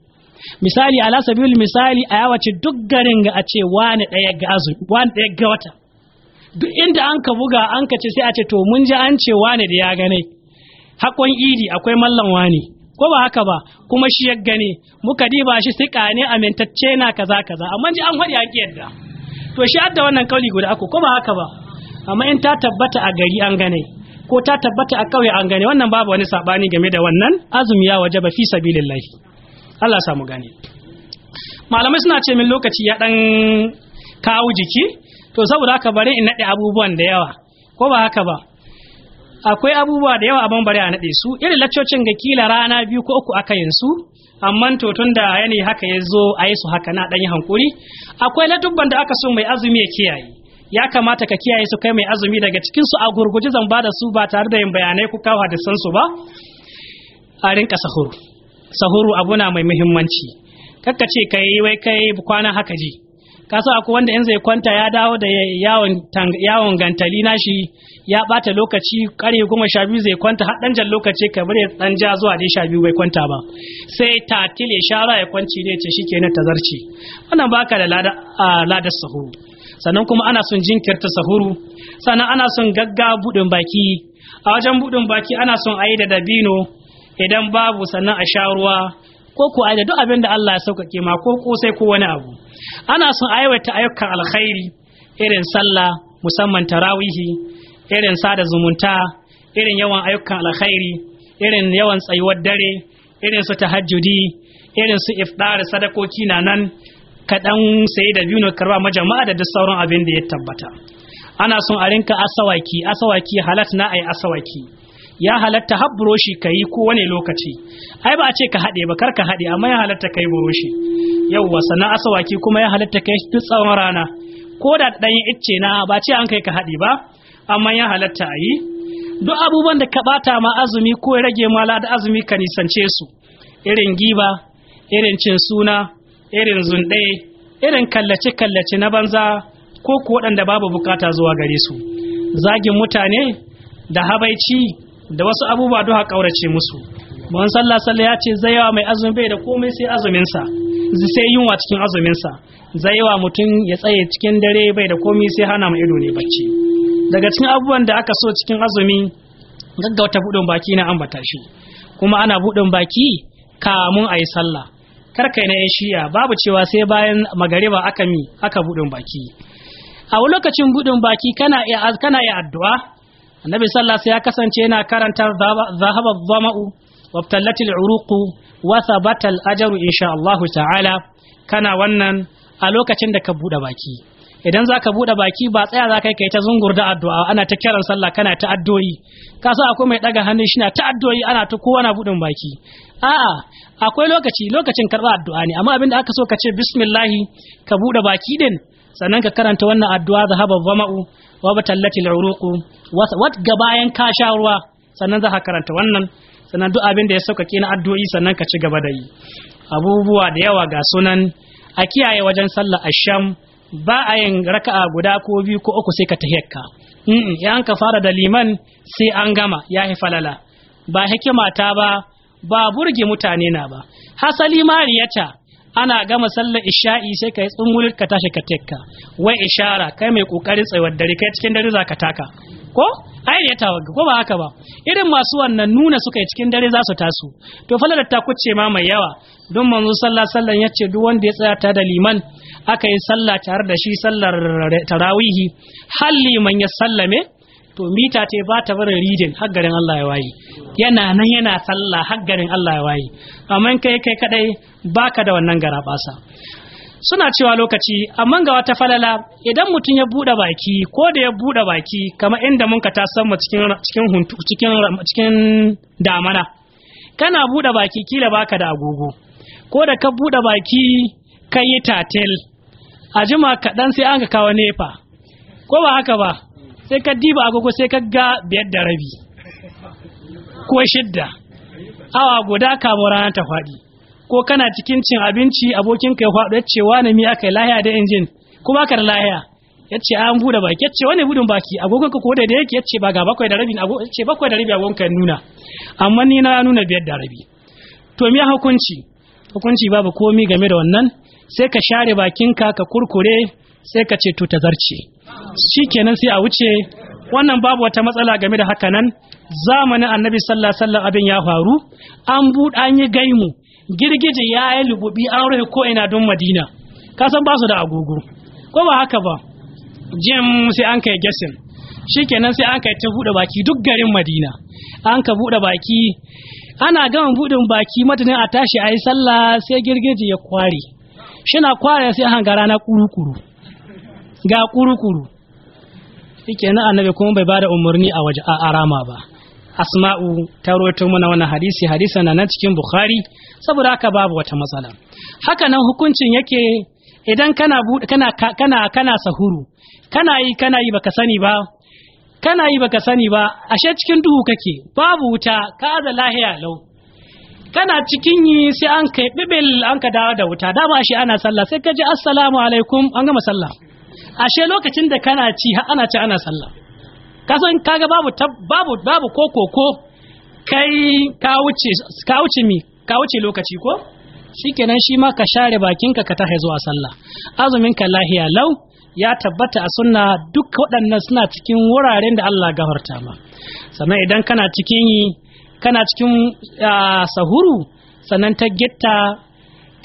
misali ala sabil misali a yawace duk garin ga a ce wani daya ga azumi wani daya ga wata duk inda an ka buga an ka ce sai a ce to mun ji an ce wane da ya gane hakon idi akwai mallan wane ko ba haka ba kuma shi ya gane muka diba shi sai ne amintacce na kaza kaza amma ji an faɗi haƙi yadda to shi adda wannan kauli guda ako ko ba haka ba amma in ta tabbata a gari an gane ko ta tabbata a kauye an gane wannan babu wani sabani game da wannan azumi ya wajaba fi sabilillahi Allah samu gane malamai suna ce min lokaci ya dan kawo jiki to saboda haka bari in naɗe abubuwan da yawa ko ba haka ba akwai abubuwa da yawa abin bari a naɗe su irin laccocin ga kila rana biyu ko uku aka yin su amma to tun da haka ya zo a yi su haka na ɗan yi hankuri akwai dubban da aka so mai azumi ya kiyaye ya kamata ka kiyaye su kai mai azumi daga cikin su a gurguje zan ba da su ba tare da yin bayanai ku kawo hadisan su ba a rinka sahuru sahuru abu na mai muhimmanci kakka ce kai wai kai kwana haka je. kaso akwai wanda in zai kwanta ya dawo da yawon yawon gantali nashi ya bata lokaci kare goma sha biyu zai kwanta har dan lokaci kamar ya dan ja zuwa dai sha biyu bai kwanta ba sai ta tile shara ya kwanci ne ce shi ke na tazarci wannan baka da lada sahuru sannan kuma ana son jinkirta sahuru sannan ana son gagga budin baki a wajen budin baki ana son ayi da dabino idan babu sannan a sha ruwa ko ku aida duk abin da Allah ya sauƙaƙe ma ko kosai ko wani abu ana son aiwata ayyukan alkhairi irin sallah musamman tarawihi irin sada zumunta irin yawan ayyukan alkhairi irin yawan tsayuwar dare irin su tahajjudi irin su ifɗar sadakoki na nan kaɗan sai da biyu na karba majama'a da duk sauran abin da ya tabbata ana son a rinka asawaki asawaki halat na yi asawaki ya halatta har buroshi ka yi ko wani lokaci ai ba a ce ka haɗe ba kar ka haɗe amma ya halatta ka yi buroshi yauwa sannan asawaki kuma ya halatta ka yi tsawon rana ko da ɗanyen icce na ba ce an kai ka haɗe ba amma ya halatta a yi duk abubuwan da ka ɓata ma azumi ko ya rage ma da azumi ka nisance su irin giba irin cin suna irin zunɗe irin kallace-kallace na banza ko ko waɗanda babu bukata zuwa gare su zagin mutane da habaici da wasu abubuwa duka kaurace musu mun sallah sallah ya ce zai yawa mai azumi bai da komai sai azumin sa sai yunwa cikin azumin sa zai yawa mutum ya tsaye cikin dare bai da komai sai hana mu ido ne bacci daga cikin abubuwan da aka so cikin azumi gaggauta budin baki na ambata shi kuma ana budin baki kamun ayi sallah kar kai na shiya babu cewa sai bayan magariba aka mi aka budin baki a lokacin budin baki kana iya kana iya addu'a annabi sallallahu alaihi ya kasance yana karanta zahaba zama'u wa tallatil uruqu wa thabata al ajru insha Allah ta'ala kana wannan a lokacin da ka bude baki idan zaka bude baki ba tsaya zaka kai ta zungurda addu'a ana ta kiran sallah kana ta addu'o'i ka sa akwai mai daga hannun shi na ta addu'o'i ana ta kowa na budin baki a'a akwai lokaci lokacin karba addu'a ne amma abinda aka so ka ce bismillah ka bude baki din sannan ka karanta wannan addu'a zahaba zama'u wa batallati al'uruqu wat ga bayan ka sha ruwa sannan za ka karanta wannan sannan duk abin da ya sauƙaƙe na addu'o'i sannan ka ci gaba da yi abubuwa da yawa ga sunan a kiyaye wajen sallar asham ba a yin raka'a guda ko biyu ko uku sai ka tahiyakka in ka fara da liman sai an gama ya falala ba hikima ta ba ba burge mutane na ba hasali mariyata ana gama sallar isha'i sai ka yi tsungul ka tashi ka tekka wai ishara kai mai kokarin tsayuwar dare kai cikin dare za ka taka ko ai ne ta ko ba haka ba irin masu wannan nuna suka yi cikin dare za su taso to falalar ta kuce ma mai yawa don manzo sallah sallan ya ce duk wanda ya tsaya ta da liman aka yi sallah tare da shi sallar tarawihi halli liman ya sallame to mita ce ba ta barin ridin har Allah ya waye yana nan yana sallah har garin Allah ya waye amma kai kai kadai baka da wannan gara suna cewa lokaci amma ga wata falala idan mutum ya bude baki ko da ya bude baki kamar inda mun ka ta samu cikin cikin huntu cikin cikin damana kana bude baki kila baka da agogo ko da ka bude baki kai tatel a jima kaɗan sai an ka kawo nefa ko ba haka ba sai ka diba agogo sai ka ga biyar da rabi ko shidda awa guda kamar rana ta faɗi ko kana cikin cin abinci abokin ka ya faɗo yace wani mi aka lahiya da injin kuma ka da lahiya yace an bude baki yace wani budun baki agogon ka ko da da yake yace ba ga bakwai da rabi agogo yace bakwai da rabi agogon ka nuna amma ni na nuna biyar da rabi to me hukunci hukunci babu komi game da wannan sai ka share bakinka ka kurkure sai ka ce to ta zarce shikenan sai a wuce wannan babu wata matsala game da haka nan zamanin annabi sallallahu alaihi abin ya faru an buɗe an yi gaimu girgije ya yi lububi an rufe ko ina don madina kasan san ba su da agogo ko ba haka ba jim sai an kai gesin shikenan sai an kai ta buɗe baki duk garin madina an ka buɗe baki ana gama buɗin baki matanin a tashi a yi sallah sai girgije ya kware na kware sai an ga rana kuru-kuru ga kuru-kuru shikenan annabi kuma bai bada umarni a waje a arama ba asma'u ta rawaito mana wannan hadisi hadisa na nan cikin bukhari saboda haka babu wata matsala haka nan hukuncin yake idan kana kana kana kana sahuru kana yi kana yi baka sani ba kana yi baka sani ba ashe cikin duhu kake babu wuta ka da lahiya lau kana cikin yi sai an kai bibil an ka dawo da wuta dama shi ana sallah sai ka ji assalamu alaikum an gama sallah ashe lokacin da kana ci har ana ci ana sallah ka in kaga babu babu babu ko ko kai ka wuce ka wuce mi ka wuce lokaci ko shikenan shi ma ka share bakinka ka tahe zuwa sallah azumin ka lahiya lau ya tabbata a sunna duk waɗannan suna cikin wuraren da Allah gafarta ma sannan idan kana cikin kana cikin ah, sahuru sannan ta gitta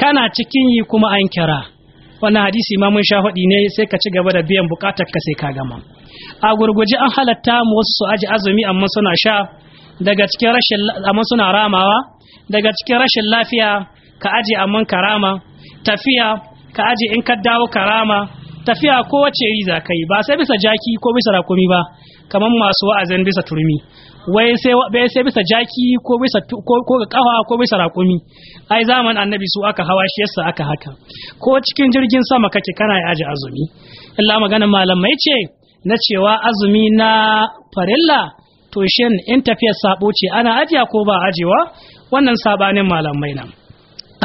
kana cikin yi kuma an kira wannan hadisi ma mun sha faɗi ne sai ka ci gaba da biyan bukatar ka sai ka gama a gurguje an halatta mu wasu su aji azumi amma suna sha daga cikin rashin amma suna ramawa daga cikin rashin lafiya ka aji amma karama tafiya ka aji in ka dawo karama tafiya ko wace yi za ka ba sai bisa jaki ko bisa rakumi ba kamar masu wa'azin bisa turmi wai sai sai bisa jaki ko bisa ko ga kafa ko bisa raƙumi ai zaman annabi su aka hawa shi yasa aka haka ko cikin jirgin sama kake kana ya aji azumi illa magana malamai ce na cewa azumi na farilla to shin in tafiyar sabo ce ana ajiya ko ba ajewa wannan sabanin malamai nan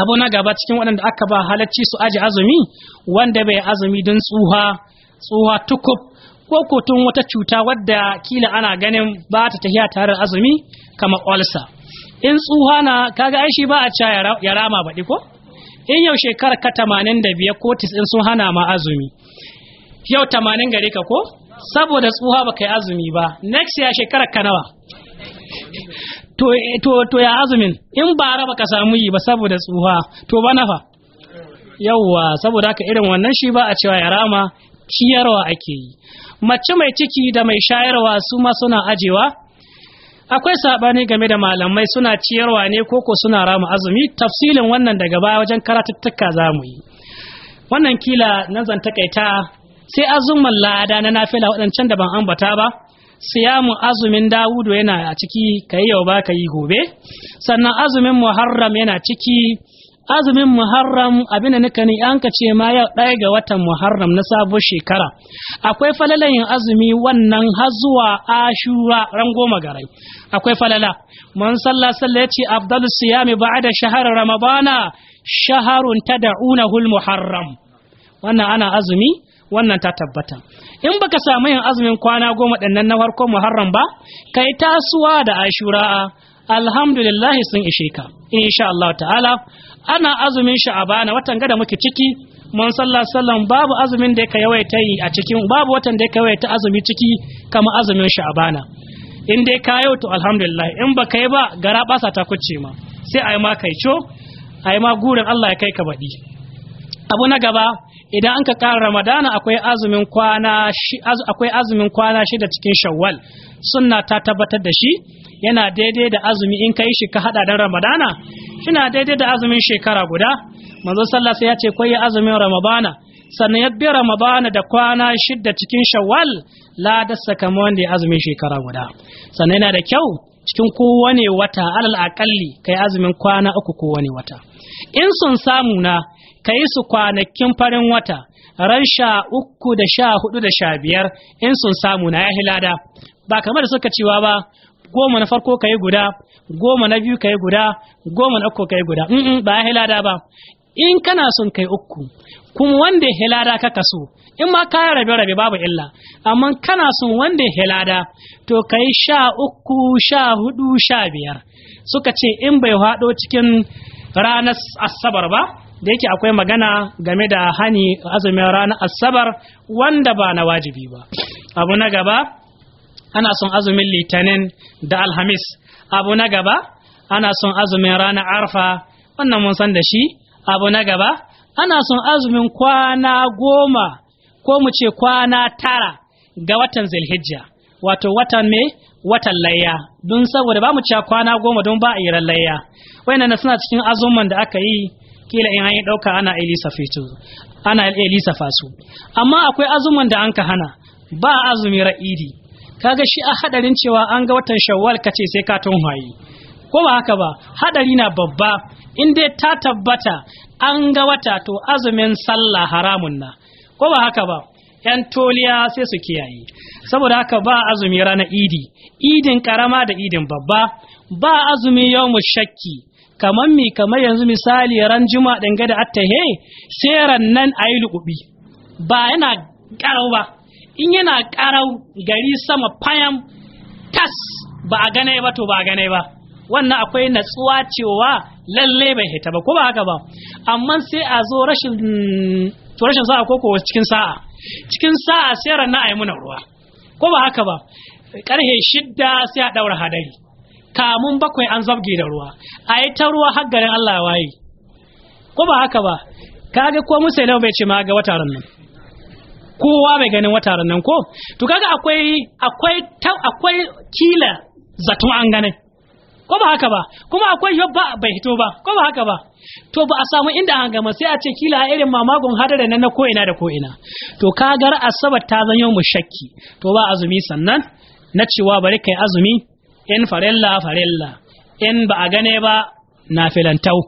abu na gaba cikin waɗanda aka ba halacci su aji azumi wanda bai azumi don tsuha tsuha tukub ko tun wata cuta wadda kila ana ganin ba ta tahiya tare da azumi kamar olsa in tsuha na kaga ai shi ba a ca ya rama baɗi ko in yau shekara ka tamanin da biyar ko tis in sun hana ma azumi yau tamanin gare ka ko saboda tsuha ba ka yi azumi ba next ya shekara ka nawa <laughs> eh, to ya azumin in ba raba ka samu yi ba saboda tsuha to ba nafa yauwa saboda haka irin wannan shi ba a cewa ya rama ciyarwa ake yi mace mai ciki da mai shayarwa su ma suna ajewa akwai sabani game da malamai suna ciyarwa ne koko suna rama azumi tafsilin wannan daga baya wajen karatuttuka za mu yi wannan kila nazan takaita sai azumin lada na nafila waɗancan da ban ambata ba siyamu azumin dawudu yana ciki ka yi yau ba ka yi gobe sannan azumin muharram yana ciki azumin muharram abin da nika ni an ka ce ma yau ɗaya ga watan muharram na sabon shekara akwai falala yin azumi wannan har zuwa ashura ran goma garai akwai falala man sallah sallah ya ce da siyami ba'da shahar ramadana shaharun tad'unahu hul muharram wannan ana azumi wannan ta tabbata in baka samu yin azumin kwana goma nan na farko muharram ba kai tasuwa da ashura alhamdulillah sun ishe ka insha Allah ta'ala ana azumin sha'abana watan gada muke ciki mun sallallahu sallam babu azumin da yake yawaita yi a cikin babu watan da yake yawaita azumi ciki kama azumin sha'abana in dai ka yau to alhamdulillah in ba kai ba gara basa ta kucce ma sai ai ma kai co ai ma gurin Allah ya kai ka baɗi abu na gaba idan an ka ƙara ramadana akwai azumin kwana akwai azumin kwana shida cikin shawwal sunna ta tabbatar da shi yana daidai da azumi in kai shi ka hada dan ramadana ina daidai da azumin shekara guda manzo sallah sai ya ce koyi azumin ramabana, sannan ya bi ramadana da kwana shidda cikin shawwal la da wanda ya azumin shekara guda sannan yana da kyau cikin kowane wata alal akalli kai azumin kwana uku kowane wata in sun samu na kai su kwanakin farin wata ran sha uku da sha hudu da sha biyar in sun samu na ya hilada ba kamar da suka cewa ba goma na farko kai guda goma na biyu kai guda goma na uku kai guda in ba hilada ba in kana son kai uku kuma wanda hilada ka kaso in ma ka rabe rabe babu illa amma kana son wanda hilada to kai sha uku sha hudu sha biyar suka ce in bai haɗo cikin ranar asabar ba da yake akwai magana game da hani azumin ranar asabar wanda ba na wajibi ba abu na gaba ana son azumin litinin da alhamis abu na gaba ana son azumin ranar arfa wannan mun san da shi abu na gaba ana son azumin kwana goma ko mu ce kwana tara ga watan zilhijja wato watan mai watan layya don saboda ba mu ci kwana goma don ba a yi ran layya wayannan suna cikin azumin da aka yi kila in an yi ɗauka ana ana elisa su amma akwai azumin da an ka hana ba azumi ra'idi kaga shi a hadarin cewa an ga watan shawwal ka ce sai ka tunhaye ko ba haka ba hadari na babba in dai ta tabbata an ga wata to azumin sallah haramun na ko ba haka ba yan toliya sai su kiyaye saboda haka ba azumi ranar idi idin karama da idin babba ba azumi mu shakki kamar mi kamar yanzu misali ran juma'a dangane da attahe sai ran nan ayi lukubi ba yana karau ba in yana karau gari sama fayam tas ba a ganai ba to ba a ganai ba wannan akwai natsuwa cewa lalle bai hita ba ko ba haka ba amma sai a zo rashin to rashin sa'a ko kowa cikin sa'a cikin sa'a sai ranar a yi muna ruwa ko ba haka ba karhe shidda sai a daura hadari kamun bakwai an zabge da ruwa a yi ta ruwa har garin Allah waye ko ba haka ba kaga ko musailama bai ce ma ga wata nan kowa mai ganin wata nan ko to kaga akwai akwai akwai kila zaton an gane ko ba haka ba kuma akwai yabba bai hito ba ko ba haka ba to ba a samu inda an gama sai a ce kila irin mamagon hadarin nan na ko ina da ko ina. to kagar asabar ta zanyo mu shakki to ba azumi sannan na cewa bari kai azumi in farella farella in ba a gane ba na filantau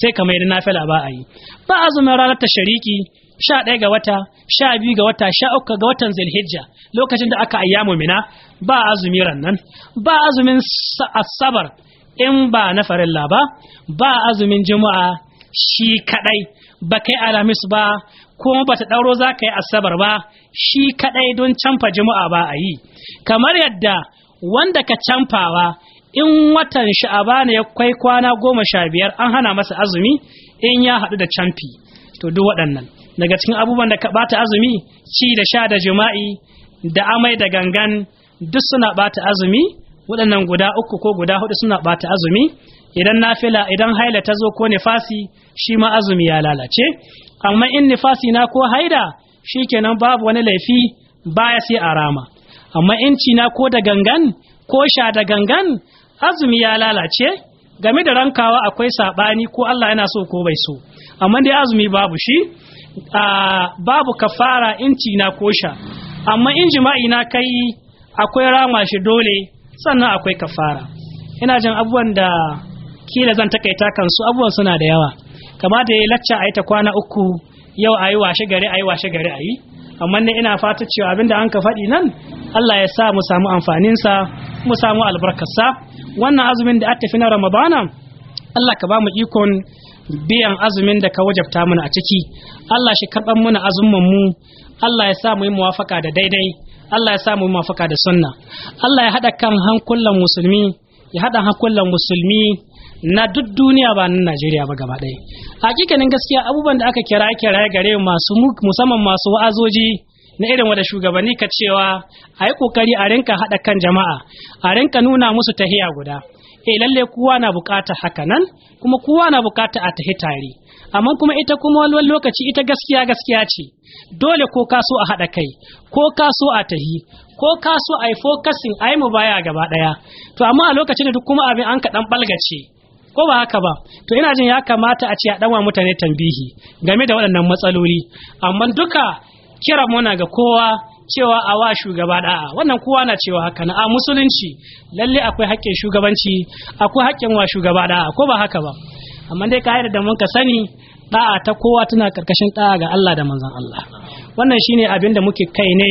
sai kamar na fila ba a yi ba azumin ranar ta shariki sha ɗaya ga wata sha biyu ga wata sha uku ga watan zilhijja lokacin da aka ayyamu mina ba azumi rannan ba azumin asabar in ba na farilla ba ba azumin juma'a shi kadai ba kai alamis ba ko ba ta ɗauro za ka yi asabar ba shi kadai don canfa juma'a ba a yi kamar yadda wanda ka canfawa in watan sha'abana ya kwai kwana goma sha biyar an hana masa azumi in ya haɗu da canfi to duk waɗannan daga cikin abubuwan da ka bata azumi ci da sha da jima'i da amai da gangan duk suna bata azumi waɗannan guda uku ko guda hudu suna bata azumi idan nafila idan haila ta zo ko nifasi shi ma azumi ya lalace amma in nifasi na ko haida shikenan babu wani laifi baya sai a rama amma in ci na ko da gangan ko sha da gangan azumi ya lalace game da rankawa akwai sabani ko Allah yana so ko bai so amma dai azumi babu shi babu kafara inci na kosha amma in jima'i na kai akwai rama shi dole sannan akwai kafara ina jin abubuwan da kila zan takaita kan su abubuwan suna da yawa kamata yayi lacca a yi ta kwana uku yau a yi washe gari a yi washe gari a yi amma ne ina fata cewa abinda an ka faɗi nan Allah ya sa mu samu sa mu samu albarkarsa wannan azumin da aka tafi na ramadana Allah ka ba mu ikon biyan azumin da ka wajabta mana a ciki Allah shi karban mana azumin mu Allah ya sa mu yi muwafaka da daidai Allah ya sa mu yi muwafaka da sunna Allah ya haɗa kan hankulan musulmi ya haɗa hankulan musulmi na duk duniya ba na Najeriya ba gaba ɗaya hakikanin gaskiya abubuwan da aka kira kira gare masu musamman masu wa'azoji na irin wada shugabanni ka cewa ayi yi ƙoƙari a rinka haɗa kan jama'a a rinka nuna musu tahiya guda eh lalle kowa na bukata haka nan kuma kowa na bukata a tahi tare amma kuma ita kuma wani lokaci ita gaskiya gaskiya ce dole ko kaso a haɗa kai ko kaso a tahi ko kaso a yi fokasin a yi mu baya gaba ɗaya to amma a lokacin da duk kuma abin an kaɗan ɓalgace ko ba haka ba to ina jin ya kamata a ce a wa mutane tambihi game da waɗannan matsaloli amma duka kira muna ga kowa cewa a wa shugaba da'a wannan kowa na cewa haka na a musulunci lalle akwai haƙƙin shugabanci akwai haƙƙin wa shugaba da'a ko ba haka ba amma dai ka'idar da mun ka sani da'a ta kowa tana karkashin da'a ga Allah da manzon Allah wannan shine abin da muke kai ne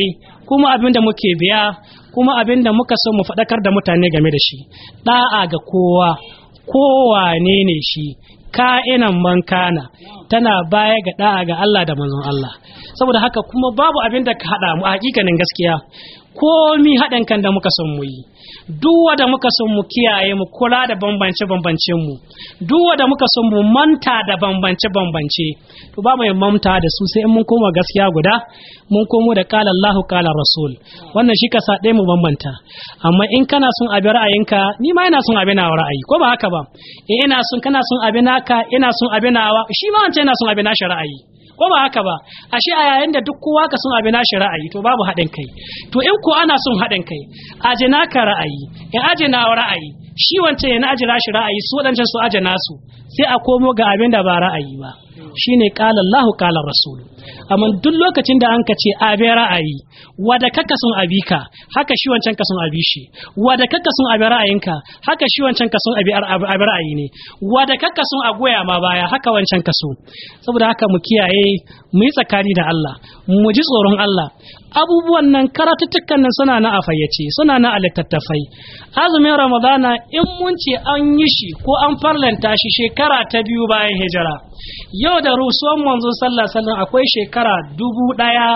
kuma abin da muke biya kuma abin da muka so mu faɗakar da mutane game da shi da'a ga kowa ne ne shi ka'inan man kana tana baya ga da'a ga Allah da manzon Allah saboda haka kuma babu abin da ka haɗa mu a hakikanin gaskiya komi haɗin kan da muka san mu yi duk wanda muka son mu kiyaye mu kula da bambance bambance mu duk wanda muka son mu manta da bambance bambance to ba mai mamta da su sai in mun koma gaskiya guda mun komo da qala Allahu qala Rasul wannan shi ka sa mu bambanta amma in kana son abi ra'ayinka ni ma ina son abi na ra'ayi ko ba haka ba ina son kana son abi naka ina son abi nawa shi ma wancan ina son abi na ra'ayi ko ba haka ba ashe a yayin da duk kowa ka sun abin nashi ra'ayi to babu haɗin kai to in ko ana son haɗin kai aje naka ra'ayi in aje na ra'ayi shi wancan ya na aje nashi ra'ayi su waɗancan su aje nasu sai a komo ga abin da ba ra'ayi ba shine qala lahu qala rasulu amma duk lokacin da an ka ce a ra'ayi wada kaka sun abi ka haka shi wancan ka sun abi shi wada kaka sun abi ra'ayinka haka shi wancan ka abi abi ra'ayi ne wada kaka sun a goya ma baya haka wancan ka sun saboda haka mu kiyaye mu yi tsakani da Allah mu ji tsoron Allah abubuwan nan karatuttukan nan suna na a fayyace suna na a littattafai azumin ramadana in mun ce an yi shi ko an farlanta shi shekara ta biyu bayan hijira yau da rusuwan manzo sallah sallan akwai shekara dubu ɗaya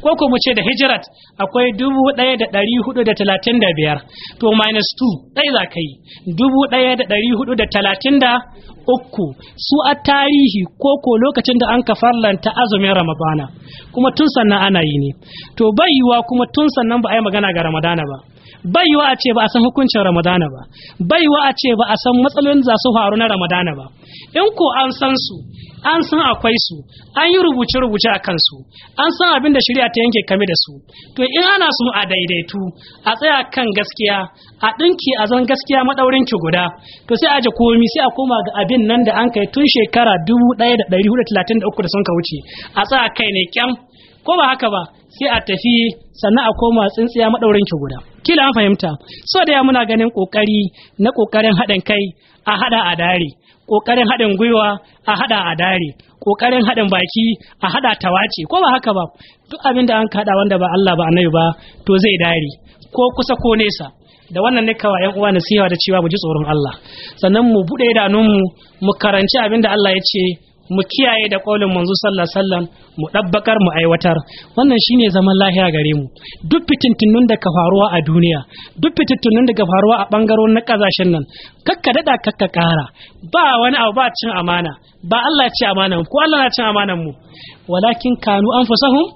ko ko mu ce da hijrat akwai biyar to minus 2 dai za ka yi uku su a tarihi ko ko lokacin da an kafarlanta azumin ramadana kuma tun sannan ana yi ne to bai yiwuwa kuma tun sannan ba a yi magana ga ramadana ba baiwa a ce ba a san hukuncin ramadana ba baiwa a ce ba a san matsalolin za su faru na ramadana ba in ko an san su an san akwai su an yi rubuce-rubuce a kansu an san abin da shirya ta yanke kame da su to in ana su a daidaitu a tsaya kan gaskiya a ɗinki a zan gaskiya madaurin ki guda to sai a ji komi sai a koma ga abin nan da an kai tun shekara 1433 da sun ka wuce a tsaya kai ne kyam ko ba haka ba sai a tafi sannan a koma tsintsiya maɗaurin ki guda kila an fahimta so da ya muna ganin ƙoƙari na ƙoƙarin haɗin kai a haɗa a dare ƙoƙarin haɗin gwiwa a haɗa a dare ƙoƙarin haɗin baki a haɗa tawace ko ba haka ba duk abin da an kaɗa wanda ba Allah ba annabi ba to zai dare ko kusa ko nesa da wannan ne kawai yan uwa nasiha da cewa mu ji tsoron Allah sannan mu buɗe idanunmu mu karanci abin da Allah ya ce mu kiyaye da kaulin manzo sallallahu alaihi wasallam mu dabbakar mu aiwatar wannan shine zaman lahiya gare mu duk fitintunun da ka faruwa a duniya duk fitintunun da ka faruwa a bangarorin na kasashen nan kakka dada kakka kara ba wani abu ba cin amana ba Allah ya ci amana ko Allah na cin amanan mu walakin kanu anfusahum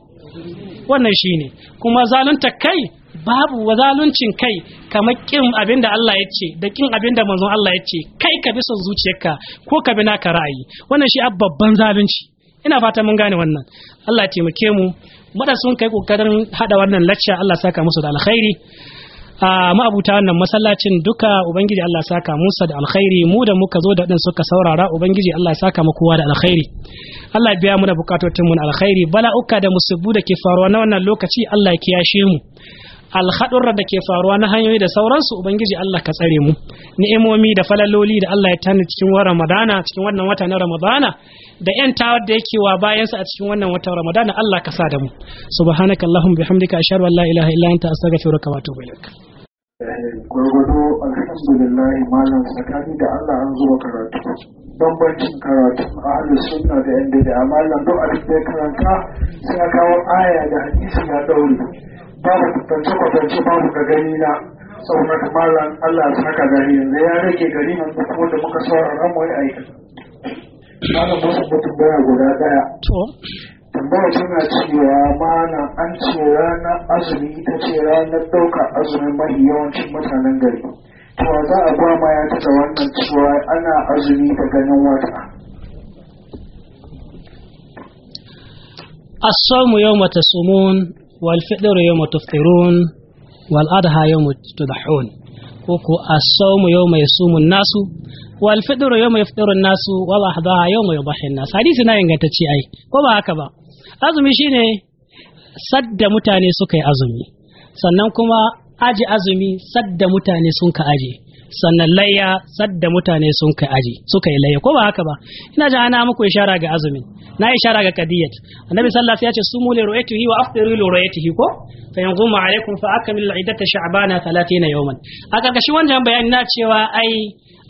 wannan shine kuma zalunta kai babu wazaluncin kai kamar kin abin da Allah ya ce da kin abin da manzon Allah ya ce kai ka bi son zuciyarka ko ka bi naka ra'ayi wannan shi babban zalunci ina fata mun gane wannan Allah ya taimake mu mada sun kai kokarin hada wannan lacca Allah saka musu da alkhairi a ma'abuta wannan masallacin duka ubangiji Allah saka musu da alkhairi mu da muka zo da din suka saurara ubangiji Allah saka mu kowa da alkhairi Allah ya biya mu da bukatotin mu alkhairi bala'uka da musubu da ke faruwa na wannan lokaci Allah ya kiyashe mu alhadurra da ke faruwa na hanyoyi da sauransu ubangiji Allah ka tsare mu ni'imomi da falaloli da Allah ya tani cikin wa ramadana cikin wannan wata na ramadana da yan tawar da yake wa bayansa a cikin wannan wata ramadana Allah ka sa da mu subhanakallahumma bihamdika ashhadu an la ilaha illa anta astaghfiruka wa atubu ilaik gwargwado alhamdulillah malam tsakani da allah an zuwa karatu bambancin karatu a halin suna da yan da malam duk abin da ya karanta sai a kawo aya da hadisi na daure. babu kwatance kwatance babu ga gani na saboda kamar Allah ya haka gani yanzu ya rage gari mu kuma da muka saurara mu yi aiki malam musu mutum baya guda daya to tambaya tana cewa mana an ce ranar azumi ita ce ranar ɗaukar azumin mafi yawancin mutanen gari to za a ba ya ta wannan cewa ana azumi da ganin wata yau يوم تصومون والفطر يوم تفطرون والأضحى يوم تضحون وكو الصوم يوم يصوم الناس والفطر يوم يفطر الناس والأضحى يوم يضحي الناس حديثنا ينغتتشي أي كما هكذا azumi shine sadda mutane suka yi azumi sannan kuma aji azumi sadda mutane sun ka aje sannan layya sadda mutane sun kai aji suka yi layya ko ba haka ba ina ji ana muku ishara ga azumi na ishara ga kadiyat annabi sallallahu alaihi wasallam ya ce sumu li ru'yatihi wa afdiru li ru'yatihi ko fa yanzumu alaikum fa akmilu iddata sha'bana 30 yawman a karkashin wannan bayani na cewa ai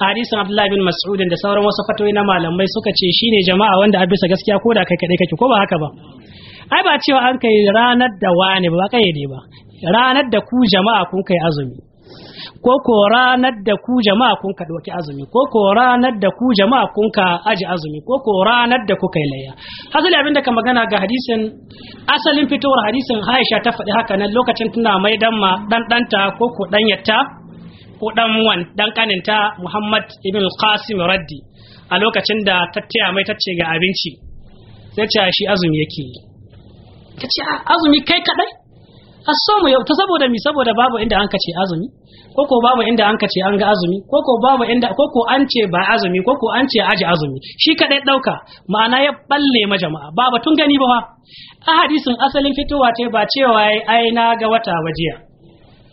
hadisin Abdullahi bin Mas'ud da sauran wasu fatoyi na malamai suka ce shine jama'a wanda a bisa gaskiya ko da kai kadai kake ko ba haka ba ai ba cewa an kai ranar da wani ba kai ne ba ranar da ku jama'a kun kai azumi ko ko ranar da ku jama'a kun ka ɗauki azumi ko ko ranar da ku jama'a kun ka aji azumi ko ko ranar da kuka yi layya hasali abinda ka magana ga hadisin asalin fitowar hadisin Aisha ta faɗi haka nan lokacin tana mai dan ma dan danta ko ko dan yatta ko dan wan dan kaninta Muhammad ibn Qasim Raddi a lokacin da ta taya mai tace ga abinci sai ce shi azumi yake ta ce azumi kai kadai a so mu yau ta saboda mi saboda babu inda an kace azumi ko ko babu inda an ce an ga azumi ko ko babu inda ko an ce ba azumi ko an ce aji azumi shi kadai dauka ma'ana ya balle ma jama'a ba batun gani ba a hadisin asalin fitowa ce ba cewa ai na ga wata wajiya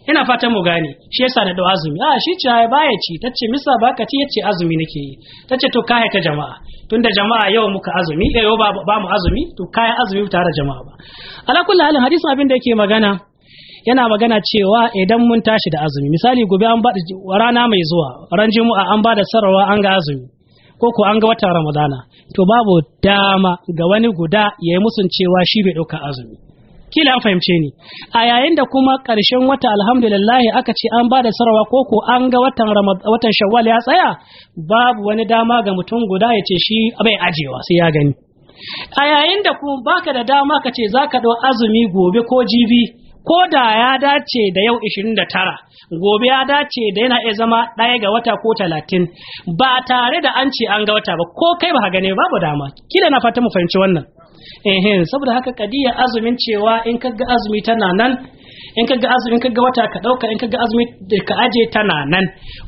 ina fatan mu gane shi yasa na dau azumi a shi ce ba baya ci tace misa baka ci yace azumi nake yi tace to kai ta jama'a tunda jama'a yau muka azumi eh, yau ba mu azumi to kai azumi tare jama'a ba ala kullu halin hadisin abin da yake magana yana magana cewa idan mun tashi da azumi misali gobe an bada rana mai zuwa ran juma'a an bada sarrawa an ga azumi ko ko an ga watan ramadana to babu dama ga wani guda ya yi musun cewa shi bai ɗauka azumi kila an fahimce ni a yayin da kuma karshen wata alhamdulillah aka ce an bada sarawa ko ko an ga watan watan shawwal ya tsaya babu wani dama ga mutum guda ya ce shi bai ajewa sai ya gani a yayin da kuma baka da dama ka ce zaka ɗau azumi gobe ko jibi ko da ya dace da yau 29 gobe ya dace da yana iya zama ɗaya ga wata ko 30 ba tare da an ce an ga wata ba ko kai ba gane babu dama kila na fata mu fahimci wannan saboda haka kadiya azumin cewa in ka ga azumi tana nan in kaga azumi kaga wata ka dauka in ga azumi ka aje tana nan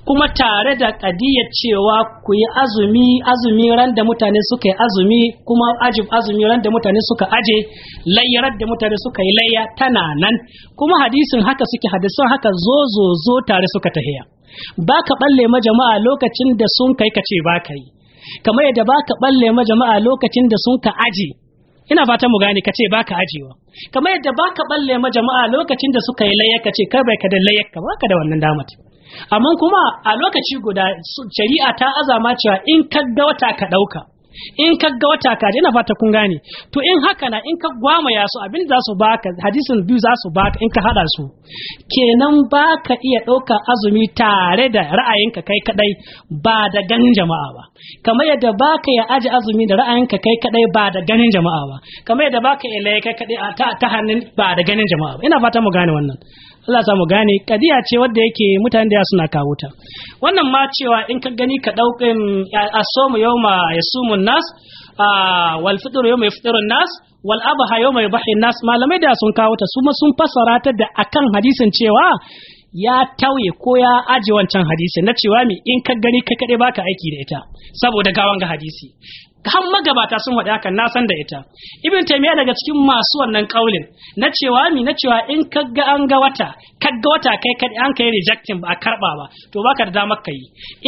kuma tare da kadiyar cewa ku yi azumi azumi ran da mutane suka yi azumi kuma ajib azumi ran da mutane suka aje layyarar da mutane suka yi layya tana nan kuma hadisin haka suke hadisin haka zo zo zo tare suka tahiya ba ka balle ma jama'a lokacin da sun kai ka ce ba ka yi kamar yadda ba ka balle ma jama'a lokacin da sun ka aje ina fatan mu gane kace baka ajiyewa kamar yadda baka balle ma jama'a lokacin da suka yi layyaka ce kar bai ka da layyaka baka da wannan damar amma kuma a lokaci guda shari'a ta azama cewa in ka ga wata ka dauka in ka ga wata kaji ina fata kun gane to in haka na in ka ya su abin za su baka hadisin biyu za su baka in ka hada su kenan baka iya ɗauka azumi tare da ra'ayinka kai kadai ba da ganin jama'a ba kamar yadda baka ya aji azumi da ra'ayinka kai kadai ba da ganin jama'a ba kamar yadda baka ya kai kadai ta hannun ba da ganin jama'a ba ina fata mu gane wannan Allah sa mu gane kadiya ce wadda yake mutane da suna kawo ta wannan ma cewa in ka gani ka daukan um, asomu yawma yasumun nas wal fitru yawma yaftirun nas wal abha yawma yubhin nas malamai da sun kawo ta su ma sun fasara ta da akan hadisin cewa ya tauye ko ya aje wancan hadisi na cewa mi in ka gani ka kade baka aiki da ita saboda gawan ga hadisi har magabata sun faɗi hakan na san da ita ibn taymiya daga cikin masu wannan kaulin na cewa mi na cewa in ga an ga wata ga wata kai kai an kai rejecting ba a karba ba to baka da damar kai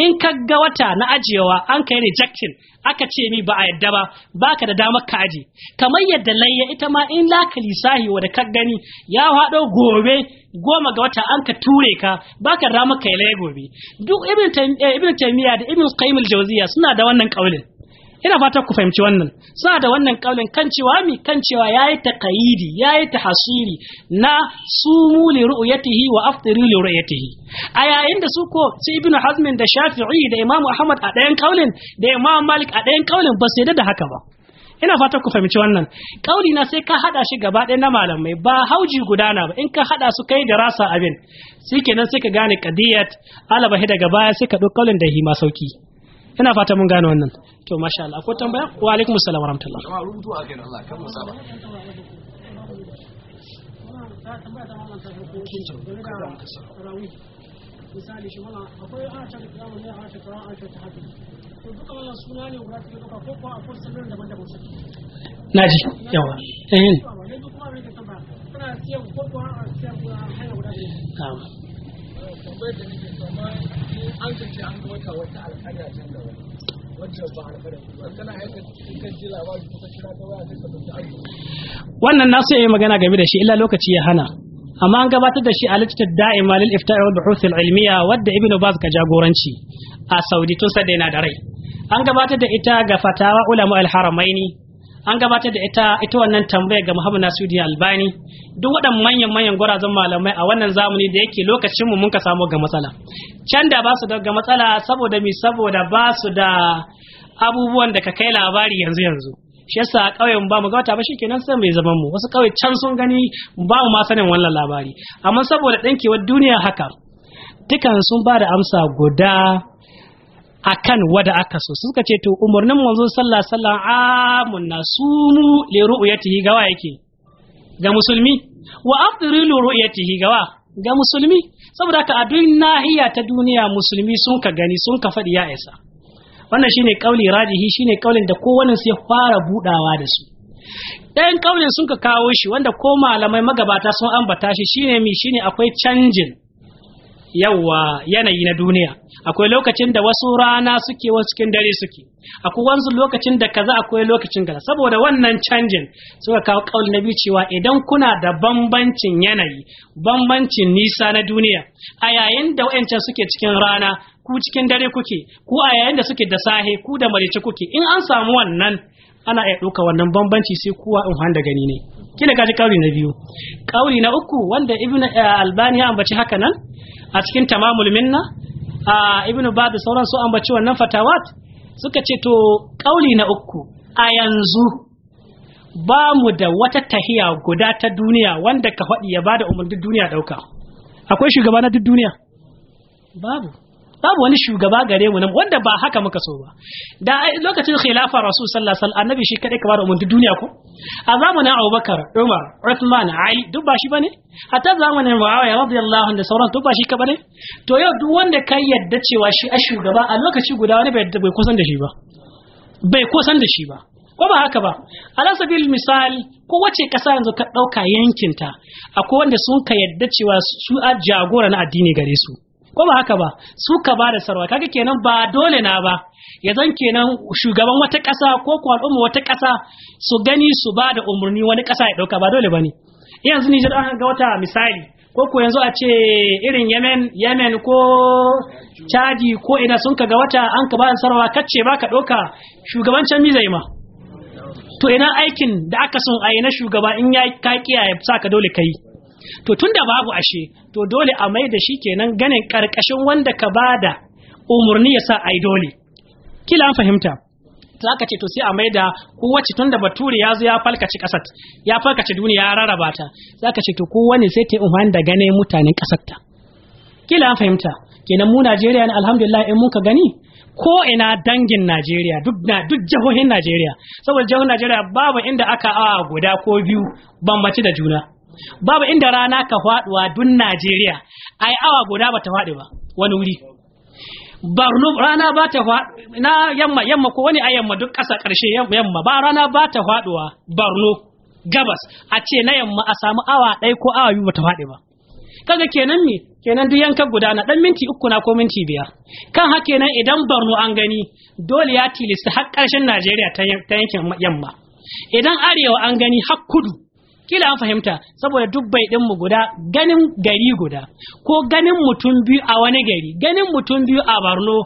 in kaga wata na ajiyewa an kai rejecting aka ce mi ba a yadda ba baka da damar ka aje kamar yadda layya ita ma in laka lisahi wa da ka gani ya haɗo gobe goma ga wata an ka ture ka baka da damar kai layya gobe duk ibn eh, taymiya da ibn qayyim al-jawziya suna da wannan kaulin ina fata ku fahimci wannan suna da wannan kaulin kan cewa mi kan cewa yayi taqayidi yayi tahsiri na sumu li ru'yatihi wa aftiru li ru'yatihi a yayin da su ko su ibnu hazm da shafi'i da imam ahmad a ɗayan kaulin da imam malik a ɗayan kaulin ba su da haka ba ina fata ku fahimci wannan kauli na sai ka hada shi gaba ɗaya na malamai ba hauji gudana ba in ka hada su kai da rasa abin kenan sai ka gane qadiyat alaba daga baya sai ka ɗau kaulin da hima sauki ina fata mun gane wannan to masha Allah ko tambaya wa alaikum assalam wa rahmatullah rubutu a kai Allah kan musaba misali shi mana akwai arashar kiyama ne arashar kara arashar ta hafi to duka wannan suna ne guda suke duka ko kuwa akwai sirrin daban daban su na ji yawa ehin a aika wata alƙarya can da wani wannan nasu ya yi magana game da shi illa lokaci ya hana amma an gabatar da shi a littattar da'ima lil ifta'i wal buhuth al ilmiya wadda ibn baz ka jagoranci a saudi tun sadda yana da rai an gabatar da ita ga fatawa ulama al haramaini an gabatar da ita ita wannan tambaya ga Muhammad Nasiruddin Albani duk waɗannan manyan manyan gwarazan malamai a wannan zamani da yake lokacin mu mun ka samu ga matsala can da ba su da ga matsala saboda mi saboda ba su da abubuwan da ka kai labari yanzu yanzu shi yasa ƙauyen ba mu gabata ba shikenan sai mai zaman mu wasu ƙauye can sun gani ba mu ma sanin wannan labari amma saboda ɗankewar duniya haka dukan sun ba da amsa guda akan wada aka so suka ce to umarnin manzo sallallahu alaihi wasallam amun ah, nasumu li ru'yatihi gawa yake ga musulmi wa afdiru li ru'yatihi gawa ga musulmi saboda haka a nahiya ta duniya musulmi sun ka gani sun ka faɗi ya isa wannan shine kauli rajihi shine kaulin da su sai fara buɗawa da su ɗayan kaulin sun ka kawo shi wanda ko malamai magabata sun ambata shi shine mi shine akwai canjin yawa yanayi na duniya akwai lokacin da wasu rana suke wasu cikin dare suke akwai wanzu lokacin da kaza akwai lokacin gaza saboda wannan canjin suka kawo kauli na biyu cewa idan kuna da bambancin yanayi bambancin nisa na duniya a yayin da wayancan suke cikin rana ku cikin dare kuke ku a yayin da suke da sahe ku da marice kuke in an samu wannan ana iya ɗauka wannan bambanci sai kowa in da gani ne kina kaji kauli na biyu kauli na uku wanda ibn eh, albani ya ambaci haka nan a cikin tamamul minna a ibn ba da sauran su ambaci wannan fatawat suka ce to kauri na uku a yanzu ba mu da wata tahiya guda ta duniya wanda ka faɗi ya bada umarnin duniya ɗauka akwai shugaba na duk duniya babu babu wani shugaba gare mu nan wanda ba haka muka so ba da lokacin khilafa rasul sallallahu alaihi wasallam annabi shi kadai ka bada umarni duniya ko a zamanin abubakar umar uthman ali duk ba shi bane hatta zamanin muawiya radiyallahu anhu da sauran duk ba shi ka bane to yau duk wanda kai yadda cewa shi a shugaba a lokaci guda wani bai kusan da shi ba bai kusan da shi ba ko ba haka ba alasabil misali ko wace ƙasa yanzu ka ɗauka yankinta akwai wanda sun ka yadda cewa su a jagora na addini gare su ko ba haka ba su ba da sarwa kaga kenan ba dole na ba ya zan kenan shugaban wata ƙasa ko ko al'umma wata ƙasa su gani su ba da umarni wani ƙasa ya ɗauka ba dole ba ne yanzu Nijar an ga wata misali ko ko yanzu a ce irin Yemen Yemen ko Chadi ko ina sun kaga wata an ka ba da sarwa kacce ba ka ɗauka shugabancin mizai ma to ina aikin da aka son a yi na shugaba in ya ka kiyaye sa ka dole kai to tunda babu ashe to dole a mai da shi kenan ganin karkashin wanda ka bada umurni ya sa ai dole kila an fahimta za ka ce to sai a maida kowace tun da bature ya zo ya falkace kasar ya falkace duniya ya rarraba ta za ka ce to kowane sai ta umarni da ganin mutanen kasar ta kila an fahimta kenan mu Najeriya ne alhamdulillah in muka gani ko ina dangin Najeriya duk na duk jihohin Najeriya saboda jihohin Najeriya babu inda aka a guda ko biyu bambaci da juna babu inda rana ka faduwa dun Najeriya ai awa guda ta faɗi ba wani wuri barno rana ba ta na yamma yamma ko wani a yamma duk ƙasa ƙarshe yamma ba rana ba ta faduwa barno gabas a ce na yamma a samu awa ɗaya ko awa biyu ba ta faɗi ba kaga kenan me kenan duk yankan gudana dan minti uku na ko minti biyar kan haka kenan idan barno an gani dole ya tilasta har ƙarshen Najeriya ta yankin yamma idan arewa an gani har kudu kila an fahimta saboda duk bai din mu guda ganin gari guda ko ganin mutum biyu a wani gari ganin mutum biyu a Borno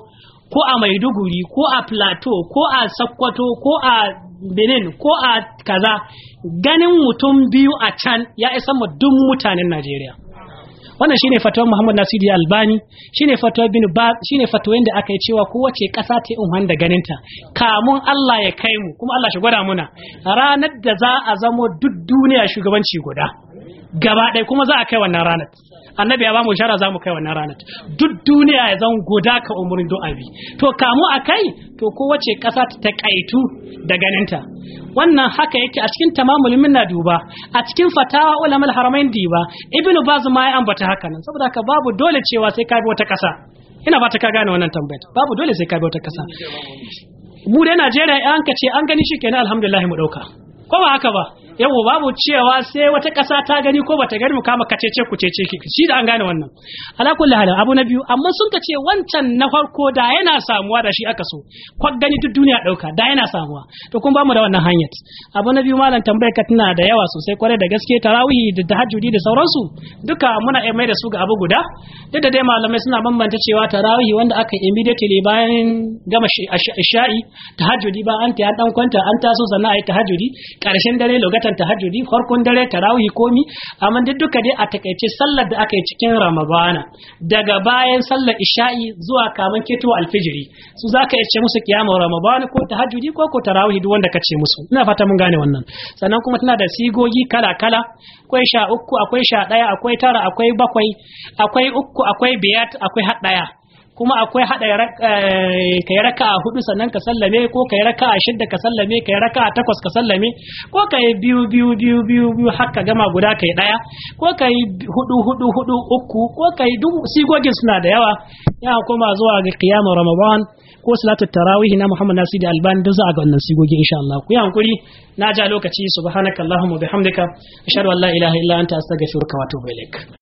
ko a Maiduguri ko a Plateau ko a Sokoto ko a Benin ko a kaza ganin mutum biyu a can ya isa mu duk mutanen Najeriya wannan shine fatuwar Muhammad Nasiru Albani shine fatuwar Baz shine da aka yi cewa kowace kasa ta yi in da ganinta kamun Allah ya kai mu kuma Allah shi gwada muna ranar da za a zamo duk duniya shugabanci guda gaba ɗaya kuma za a kai wannan ranar annabi ya bamu shara zamu kai wannan ranar duk duniya ya zan guda ka umurin bi to kamu kai to kowace kasa ta takaitu da ganinta wannan haka yake a cikin tamamul minna duba a cikin fatawa ulama al-haramain diba ibnu baz ma ya ambata haka nan saboda haka babu dole cewa sai ka bi wata kasa ina ba ta ka gane wannan tambayar babu dole sai ka bi wata kasa mu dai Najeriya an ka ce an gani shi kenan alhamdulillah mu dauka ko ba haka ba yawo babu cewa sai wata ƙasa ta gani ko bata gani mu kama kacece ku cece ki shi da an gane wannan ala kulli hal abu na biyu amma sun ka ce wancan na farko da yana samuwa da shi aka so Kwa gani duk duniya dauka da yana samuwa to kun mu da wannan hanyar abu na biyu malam tambayar ka tana da yawa sosai kwarai da gaske tarawihi da tahajjudi da sauransu duka muna mai da su ga abu guda duk da dai malamai suna bambanta cewa tarawihi wanda aka immediately bayan gama sha'i tahajjudi ba an ta dan kwanta an taso sannan ayi tahajjudi karshen dare logata sallan tahajjudi farkon dare tarawih komi amma duk duka dai a takaice sallar da aka yi cikin ramadana daga bayan sallar isha'i zuwa kaman keto alfijiri su za ka ce musu kiyama ramadana ko tahajjudi ko ko tarawih duk wanda ka ce musu ina fata mun gane wannan sannan kuma tana da sigogi kala kala akwai sha uku akwai sha ɗaya akwai tara akwai bakwai akwai uku akwai biyar akwai har ɗaya kuma akwai hada eh, kai raka'a hudu sannan ka sallame ko kai raka'a shidda ka sallame kai raka'a takwas ka sallame ko kai biyu biyu biyu biyu biyu har ka gama guda kai daya ko kai hudu hudu hudu uku ko kai duk sigogin suna da yawa ya koma zuwa ga qiyamar ramadan ko salatu tarawih na Muhammad Nasir Albani da za a ga wannan sigogi insha Allah ku yi hankuri na ja lokaci subhanakallahumma bihamdika ashhadu an la ilaha illa anta astaghfiruka wa atubu ilaik